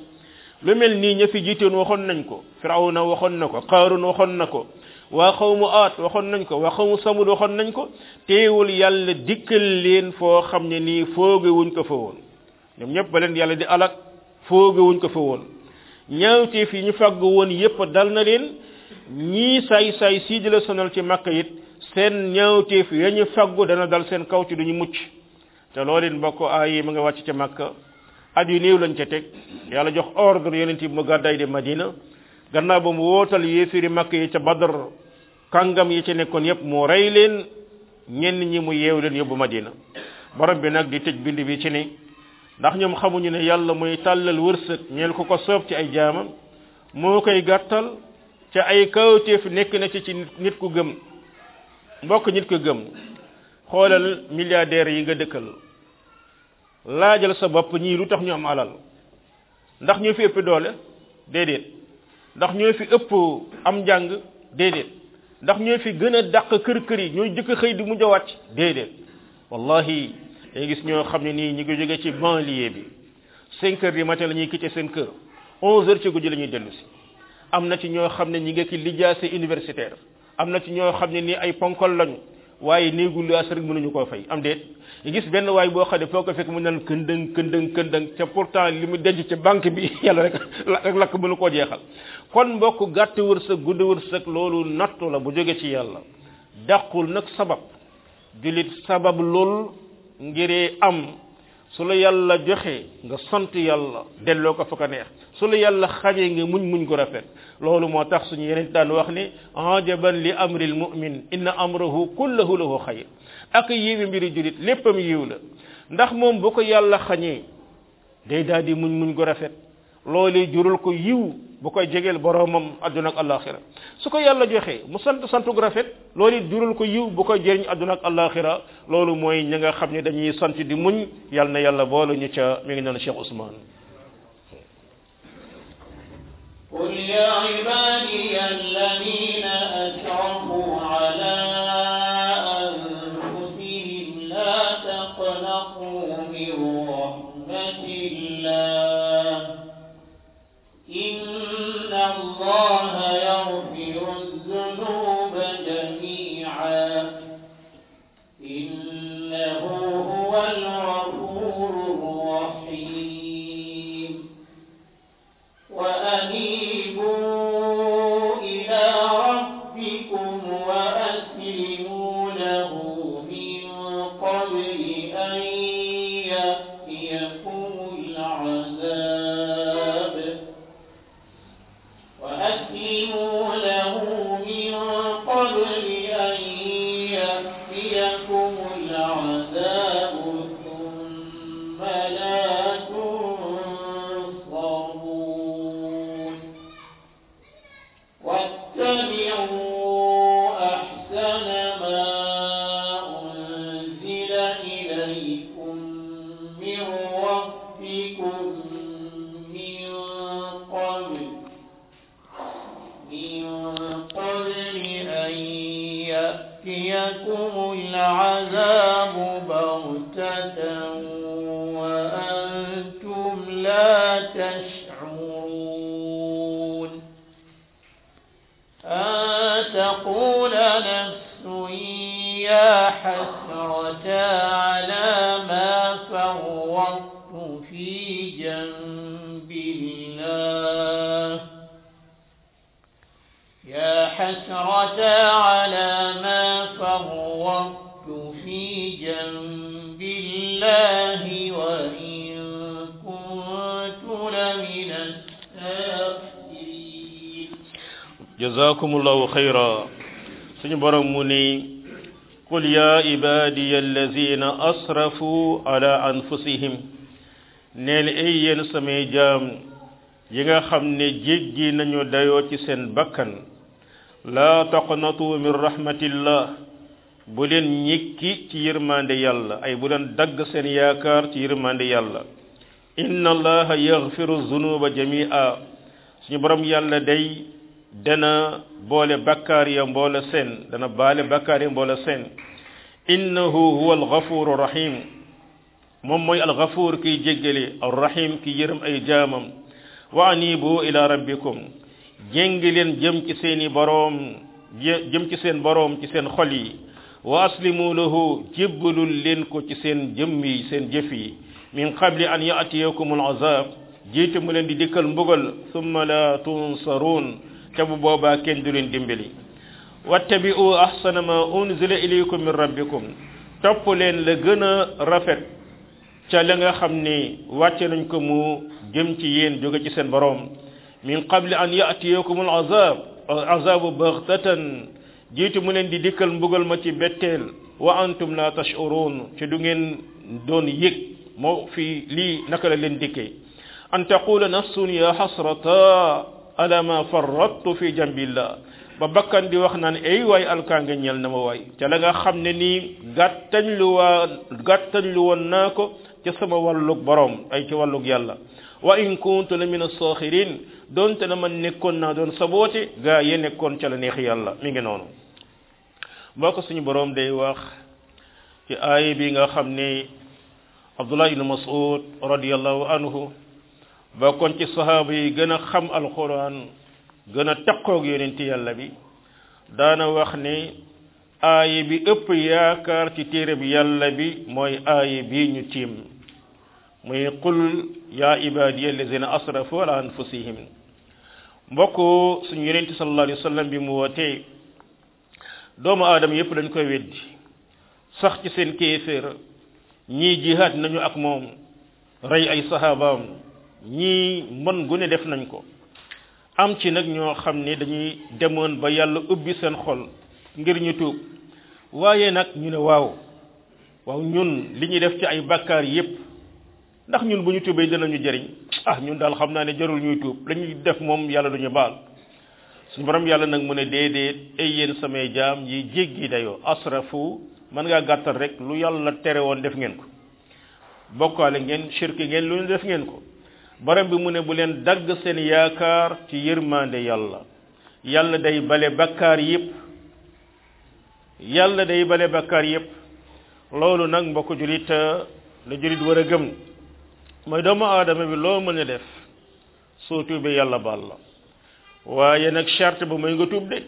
lu mel nii ña fi jiitoon waxoon nañ ko firawna waxoon na ko qaarun waxoon na ko waa xawmu aat waxoon nañ ko waa xawmu samud waxoon nañ ko teewul yàlla dikkal leen foo xam ne nii fooge wuñ ko fa ñoom ñëpp ba yàlla di alak foogewuñ ko fa woon ñaawteef yi ñu fàgg woon yépp dal na leen ñii saay say sii di la sonal ci makka yit seen ñaawteef ya ñu fàggu dana dal seen kaw ci duñu mucc te loolu it bokk aay yi mu nga wàcc ca makka at yu néew lañ ca teg yàlla jox ordre yonent bi mu gàddaay de madina gannaaw ba mu wootal yéefiri makk yi ca badar kàngam yi ci nekkoon yépp mu rey leen ñenn ñi mu yeew leen yóbbu madina borom bi nag di tëj bind bi ci ni ndax ñoom xamuñu ne yàlla muy tàllal wërsëg ñeel ko ko soob ci ay jaamam moo koy gàttal ca ay kawteef nekk na ci ci nit ku gëm mbokk nit ko gëm xoolal milliardaires yi nga dëkkal laajal sa bopp ñii lu tax ñu am alal ndax ñoo fi ëpp doole déedéet ndax ñoo fi ëpp am njàng déedéet ndax ñoo fi gën a dàq kër kër yi ñooy jëkk xëy di mujj a wàcc déedéet wallahi dañuy gis ñoo xam ne nii ñu ngi jóge ci banlieue bi 5 heures du matin la ñuy quitté seen kër 11 heures ci guddi la ñuy dellu am na ci ñoo xam ne ñi nga ki lijaase universitaire am na ci ñoo xam ne nii ay ponkol lañu waaye néegu luwaas rek mënuñu koo fay am déet gis benn waay boo xam ne foo ko fekk mu naan këndëng këndëng këndëng te pourtant li mu denc ci banque bi *laughs* yàlla rek rek lakk mënu koo jeexal kon mbokk gàtt wërsëg gudd wërsëg loolu nattu la bu jóge ci yàlla dàqul nag sabab ngir am su la yàlla joxe nga sant yàlla delloo ko fa ko neex su la yàlla xañee nga muñ muñ ko rafet loolu moo tax suñu yeneen daan wax ni ajaban li amri al mumin inna amruhu kulluhu lahu xayr ak yiwi mbiri julit léppam yiw la ndax moom bu ko yàlla xañee day daal di muñ muñ ko rafet loolee jurul ko yiw bu koy jégeel boromam aduna ak alakhira su ko yalla joxe mu sant santu gu rafet loli durul ko yiw bu koy jeriñ aduna ak alakhira lolu moy ñi nga xamni dañuy sant di muñ yalla na yalla bolu ñu ca mi ngi non cheikh ousman قل يا عبادي الذين جزاكم الله خيرا سيني برموني قل يا عبادي الذين أسرفوا على أنفسهم نيل أي سمي جام يغا خمني جيجي نانيو دايو سن بكن لا تقنطوا من رحمة الله بولين نيكي تير ماندي يالا أي بولين دق سن ياكار تير ماندي يالا إن الله يغفر الذنوب جميعا سيني برم يالا داي dana boole bakkaar ya mboole seen dana baale bakkaar ya mboole seen innahu huwa alghafuru rahim moom mooy alghafur kiy jéggale arrahim ki yërëm ay jaamam wa anibu ila rabbikum jéngi leen jëm ci seeni boroom jëm ci seen boroom ci seen xol yi wa aslimu lahu jébbalul leen ko ci seen jëmm yi seen jëf yi min qabli an ya'tiyakum al'azab jiitu mu leen di dikkal mbugal thumma la tunsarun te bu boobaa kenn du leen dimbali wattabi'u ahsana ma unzila ilaykum min rabbikum topp leen la gën a rafet ca la nga xam ni wàcce nañ ko mu jëm ci yéen jóge ci seen borom min qabli an ya'tiyakum al'azab al'azabu baghtatan jiitu mu leen di dikkal mbugal ma ci betteel wa antum la tash'urun ci du ngeen doon yëg moo fi lii naka la leen dikkee an taqula nafsun ya hasrata alama farrattu fi jambillah ba bakkan di wax naan ay waay alkaanga ñeel na ma waay ca nga xam ne nii gàttañ lu waa gàttañ lu woon naa ko ca sama wàllug boroom ay ci wàllug yàlla wa in kuntu la min as-saxirin doonte na man nekkoon naa doon saboote gaa ye nekkoon ca la neex yàlla mi ngi noonu boo ko suñu boroom day wax ci aaya bi nga xam ne Abdullah ibn Mas'ud radiyallahu anhu bokkoon ci sahaaba yi gën a xam alquran gën a taqoog yonenti yàlla bi daana wax ni aaye bi ëpp yaakaar ci téere bi yàlla bi mooy aaye bi ñu tiim muy qul yaa ibadiya allazina asrafu mbokk suñu yonenti sallallahu bi mu wootee doomu aadam yépp dañ koy weddi sax ci seen kéeféer ñii jihaad nañu ak moom rey ay sahabaam ñii mbon gu ne def nañ ko am ci nag ñoo xam ne dañuy demoon ba yàlla ubbi seen xol ngir ñu tuub waaye nag ñu ne waaw waaw ñun li ñuy def ci ay bàkkaar yépp ndax ñun bu ñu tuubee dinañu jëriñ ah ñun daal xam naa ne jarul ñuy tuub lañuy def moom yàlla duñu baal suñu borom yàlla nag mu ne déedéet ay yéen samay jaam yi jéggi dayoo fu mën ngaa gàttal rek lu yàlla tere woon def ngeen ko bokkaale ngeen shirk ngeen lu ne def ngeen ko borom bi mu ne bu leen dagg seen yaakaar ci yërmande yàlla yàlla day bale bakkaar yépp yàlla day bale bakkaar yépp loolu nag mbokk julit la julit war a gëm mooy doomu aadama bi loo mën a def soo tuubee yàlla baal la waaye nag charte bu may nga tuub de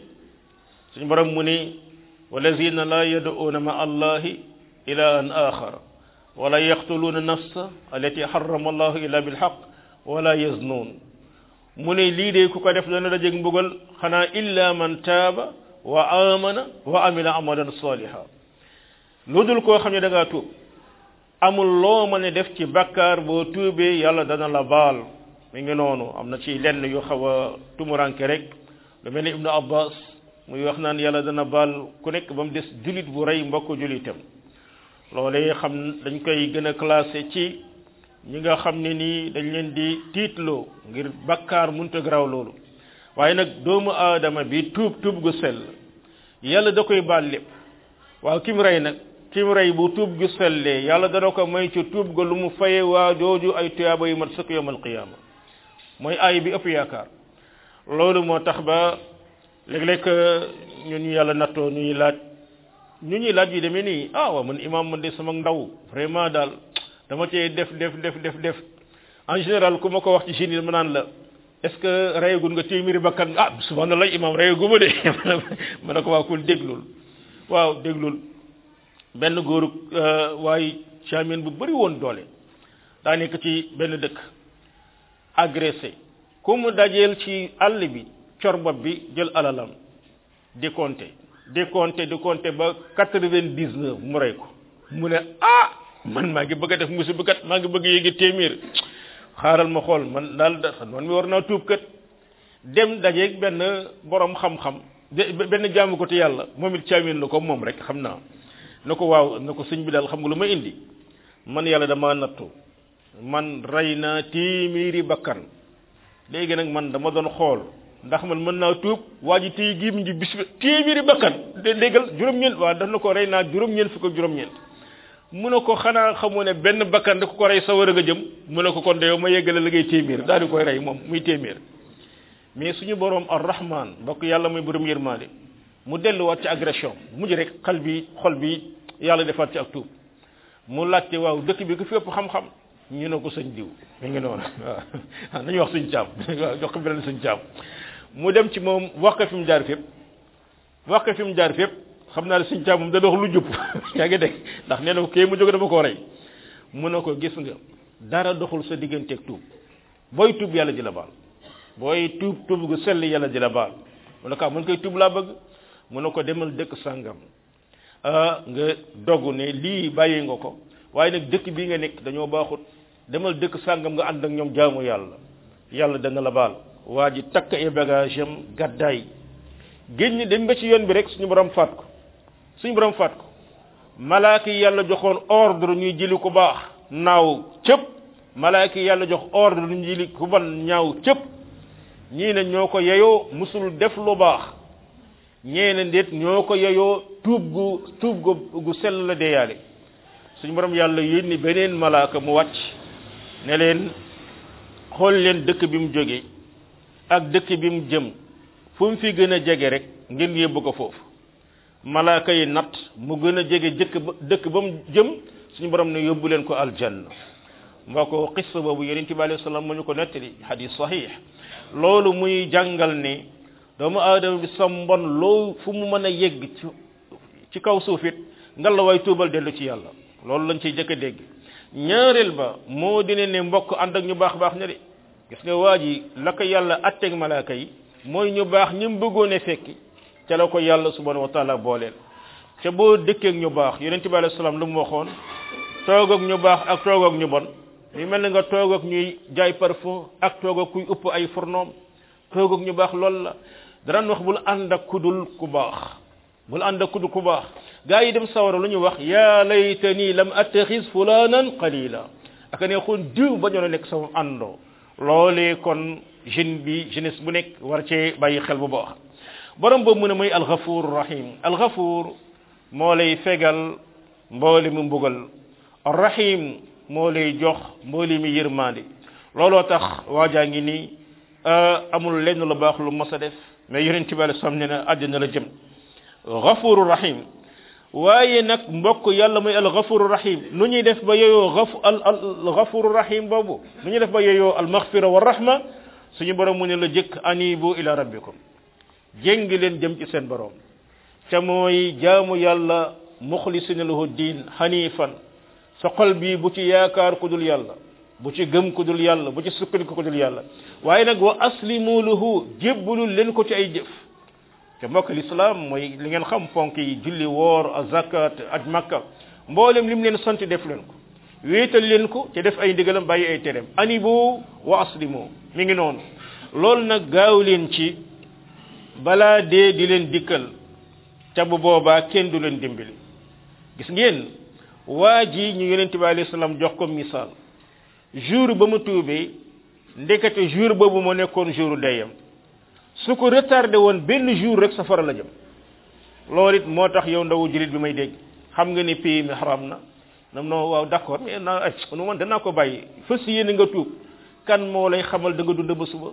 suñu borom mu ni walazina la yad'una ma allahi ilahan akhar ولا يقتلون النفس التي حرم الله إلا بالحق wala yaznuun mu ne lii de ku ko def dana dajeeg mbugal xanaa illa man taaba wa amana wa amila amalan saliha lu dul koo xam ne da tuub amul loo mën a def ci bakkaar boo tuubee yàlla dana la baal mi ngi noonu am na ci lenn yu xaw a tumuranke rek lu mel ni ibnu abbas muy wax naan yàlla dana baal ku nekk ba mu des julit bu rey mbokk julitam loolee xam dañ koy gën a ci ñi nga xam ne nii dañ leen di tiitloo ngir bakkaar munta graw loolu waaye nag doomu aadama bi tuub tuub gu sell yàlla da koy baal lépp waaw kim rey nag kim rey bu tuub gu sellee yàlla dana ko may ci tuub ga lu mu faye waa jooju ay tuyaaba yu mat sëkk yawmal qiyaama mooy aay bi ëpp yaakaar loolu moo tax ba léeg-léeg euh, ñu ñu yàlla nattoo ñu laaj ñu ñuy laaj yu demee nii ah waaw mën imaam man de sama ndaw vraiment daal dama cee def def def def def en général ku ma ko wax ci génie mu naan la est-ce que rayagul nga téeméeri bakkan ah subhanallah imam rayaguma de *laughs* ma ne ko waa kul déglul waaw déglul benn góoru euh, waaye chamien bu bëri woon doole daa nekk ci benn dëkk agressé ku mu dajeel ci àll bi cor bopp bi jël alalam décompté décompté décompté ba quatre-vingt-dix-neuf mu rey ko mu ne ah man maa ngi bëgg a def musiba kat maa ngi bëgg a yéegi téeméer xaaral ma xool man daal da man mi war naa tuub kat dem daje benn boroom xam-xam benn jaamu ko te yàlla moom it caamin la ko moom rek xam naa na ko waaw na ko sëñ bi daal xam nga lu ma indi man yàlla damaa nattu man rey naa téeméeri bakkan léegi nag man dama doon xool ndax man mën naa tuub waa ji téy giim ji bis téeméeri bakkan déggal juróom-ñeent waaw daf na ko rey naa juróom-ñeent fukk ak juróom-ñeent mu ne ko xanaa xamu ne benn bakkan ku ko rey sa war a nga jëm mu ne ko kon de yow ma yeggale la ngay téeméer daal di koy rey moom muy téeméer mais suñu borom arrahman bokk yàlla muy borom yërmaande mu delluwaat ci mu mujj rek xal bi xol bi yàlla defaat ci ak tuub mu laajte waaw dëkk bi ku fi ëpp xam-xam ñu ne ko sëñ diw mi ngi noonu waaw *laughs* nañu wax suñ caam waaw jox ko beneen suñ caam mu dem ci moom wax ko fi mu jaar fépp wax ko fi mu jaar fépp xam naa ne suñ càmm moom dana wax lu jub yaa ngi dégg ndax nee na ko kii mu jóge dama koo rey mu ne ko gis nga dara doxul sa digganteeg tuub booy tuub yàlla ji la baal booy tuub tuub gu sell yàlla ji la baal mu ne ko ah, koy tuub laa bëgg mu ne demal dëkk sàngam ah, nga dogu ne lii bàyyee nga ko waaye nag dëkk bii nga nekk dañoo baaxut demal dëkk sàngam nga ànd ak ñoom jaamu yàlla yàlla dana la baal waa ji takk ay bagage am gàddaay génn dem ba ci yoon bi rek suñu borom faat ko suñ borom faat ko malaaka yi yàlla joxoon ordre ñuy jëli ku baax naaw cëpp malaaka yi yàlla jox ordre ñuy jëli ku ban ñaaw cëpp ñii ne ñoo ko yayoo musul def lu baax ñee ne ndeet ñoo ko yayoo tuub gu tuub gu sell la deeyaale suñ borom yàlla ni beneen malaaka mu wàcc ne leen xool leen dëkk bi mu jóge ak dëkk bi mu jëm fu mu fi gën a jege rek ngeen yóbbu ko foofu malaaka yi natt mu gën a jege jëkk ba dëkk ba mu jëm suñu borom ne yóbbu leen ko aljanna mboo ko xissa boobu yonent bi alayhi salaam mu ñu ko nettali hadis sahih loolu muy jàngal ne doomu aadama bi sa mbon loo fu mu mën a yegg ci ci kaw suuf it nga la waay tuubal dellu ci yàlla loolu lañ ciy jëkk a dégg ñaareel ba moo dina ne mbokk ànd ak ñu baax baax ña de gis nga waa ji la ko yàlla atteeg malaaka yi mooy ñu baax ñi mu bëggoon a fekki ca la ko yàlla subhanahu wa taala booleel ca boo dëkkeek ñu baax yonent bi alayhi salaam lu mu waxoon toogook ñu baax ak toog ñu bon li mel na nga toog ak ñuy jaay parfum ak toog ak kuy upp ay fournoom toog ak ñu baax lool la danañ wax bul ànd ak kudul ku baax bul ànd ak kudul ku baax gaa yi dem sawara lu ñu wax yaa laytani lam attaxis fulanan qalila aka ne xoon diw ba ñoo nekk sama àndoo loolee kon jeune bi jeunesse bu nekk war cee bàyyi xel bu baax borom boobu mu ne mooy alxafuur rahim alxafuur moo lay fegal mboole mu mbugal rahim moo lay jox mboole mi yërmaande looloo tax waajaa ngi nii euh, amul lenn lu baax lu mos a def mais yonent bi sam ne na àddina la jëm xafuru rahim waaye nag mbokk yàlla mooy al xafuru rahim nu ñuy def ba yooyoo xaf al al xafuru rahim boobu nu ñuy def ba yooyoo al maxfira wa rahma suñu borom mu ne la jëkk anibu ila rabbikum jéng leen jëm ci seen borom te mooy jaamu yàlla muxlisina lahu diin xaniifan sa xol bii bu ci yaakaar ku dul yàlla bu ci gëm ku dul yàlla bu ci sukkandiku ku dul yàlla waaye nag wa aslimu lahu jébbalul leen ko ci ay jëf te mbokk lislaam mooy li ngeen xam fonk yi julli woor zakat ak makka mboolem lim leen sant def leen ko wéetal leen ko te def ay ndigalam bàyyi ay tereem anibu wa aslimu mi ngi noonu loolu nag gaaw leen ci balaa dee di leen dikkal te bu boobaa kenn du leen dimbali gis ngeen waa ji ñu yonent bi alayhi salaam jox ko misaal jour ba mu tuubee ndekete jour boobu moo nekkoon jour jouru deyam su ko retardé woon benn jour rek safara la jëm loolu it moo tax yow ndawu jullit bi may dégg xam nga ni pays mi xaram na nam non waaw d'accord mais naa nu man danaa ko bàyyi fas yéene nga tuub kan moo lay xamal da nga dund ba suba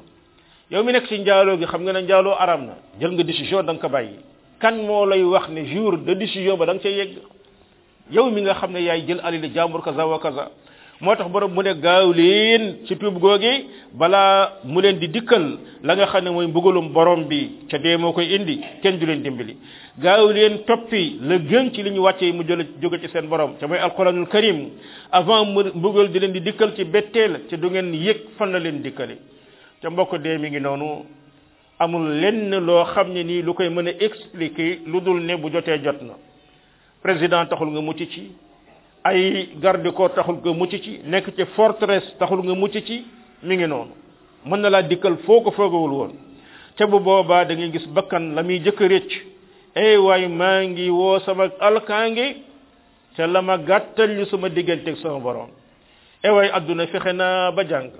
yow mi nekk ci njaaloo gi xam nga ne njaaloo araam na jël nga décision danga ko bàyyi kan moo lay wax ne jour de décision ba da nga cay yegg yow mi nga xam ne yaay jël alali jàmbur kaza wa kaza moo tax borom mu ne gaaw leen ci tuub googi balaa mu leen di dikkal la nga xam ne mooy mbugalum borom bi ca dee moo koy indi kenn du leen dimbali gaaw leen toppi la gën ci li ñu wàccee mu jël jóge ci seen borom ca mooy alquranul karim avant mu mbugal di leen di dikkal ci betteel ca du ngeen yëg fan la leen dikkale te mbokk dee mi ngi noonu amul lenn loo xam ne nii lu koy mën a expliquer lu dul ne bu jotee jot na président taxul nga mucc ci ay garde corps taxul nga mucc ci nekk ci forteresse taxul nga mucc ci mi ngi noonu mën na laa dikkal foo ko foogawul woon te bu boobaa da ngay gis bakkan la muy jëkk rëcc ey waay maa ngi woo sama alkaange te la ma gàttal ñu sama digganteeg sama borom ey waay adduna fexe naa ba jàng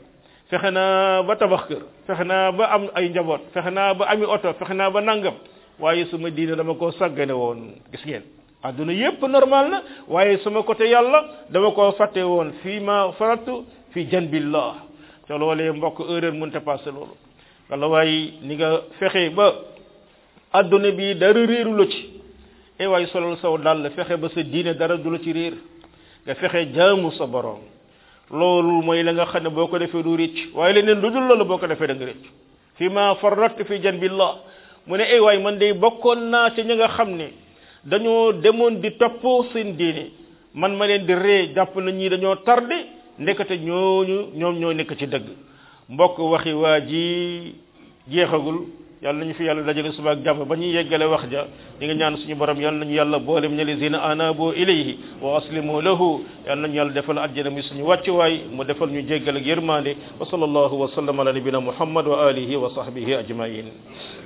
fexe naa ba tabax kër fexe naa ba am ay njaboot fexe naa ba ami oto fexe naa ba nangam waaye suma diine dama koo sàggane woon gis ngeen adduna yépp normal na waaye suma côté yàlla dama koo fàtte woon fii ma faratu fi janbillah te loolee mbokk erreur mënta passé loolu wala waaye ni nga fexe ba àdduna bi dara réeru la ci e eh waaye solal saw dal fexe ba sa diine dara du ci réer nga fexe jaamu sa boroom loolu mooy la nga xam ne boo ko defee du rëcc waaye leneen lu dul loolu boo ko defee da nga rëcc fi ma farrat fi janbillah mu ne ay waay man de bokkoon naa ci ñi nga xam ne dañoo demoon di topp seen diine man ma leen di ree jàpp na ñii dañoo tardé ndekete ñooñu ñoom ñoo nekk ci dëgg mbokk waxi waa ji jeexagul yalla ñu fi yalla dajale suba ak jamm ba ñuy yeggale wax ja ñi nga ñaan suñu borom yalla ñu yalla boolem ñali zina anabu ilayhi wa aslimu lahu yalla ñu yalla defal aljana mi suñu waccu way mu defal ñu jéggal ak yermande wa sallallahu wa sallama ala nabina muhammad wa alihi wa sahbihi ajma'in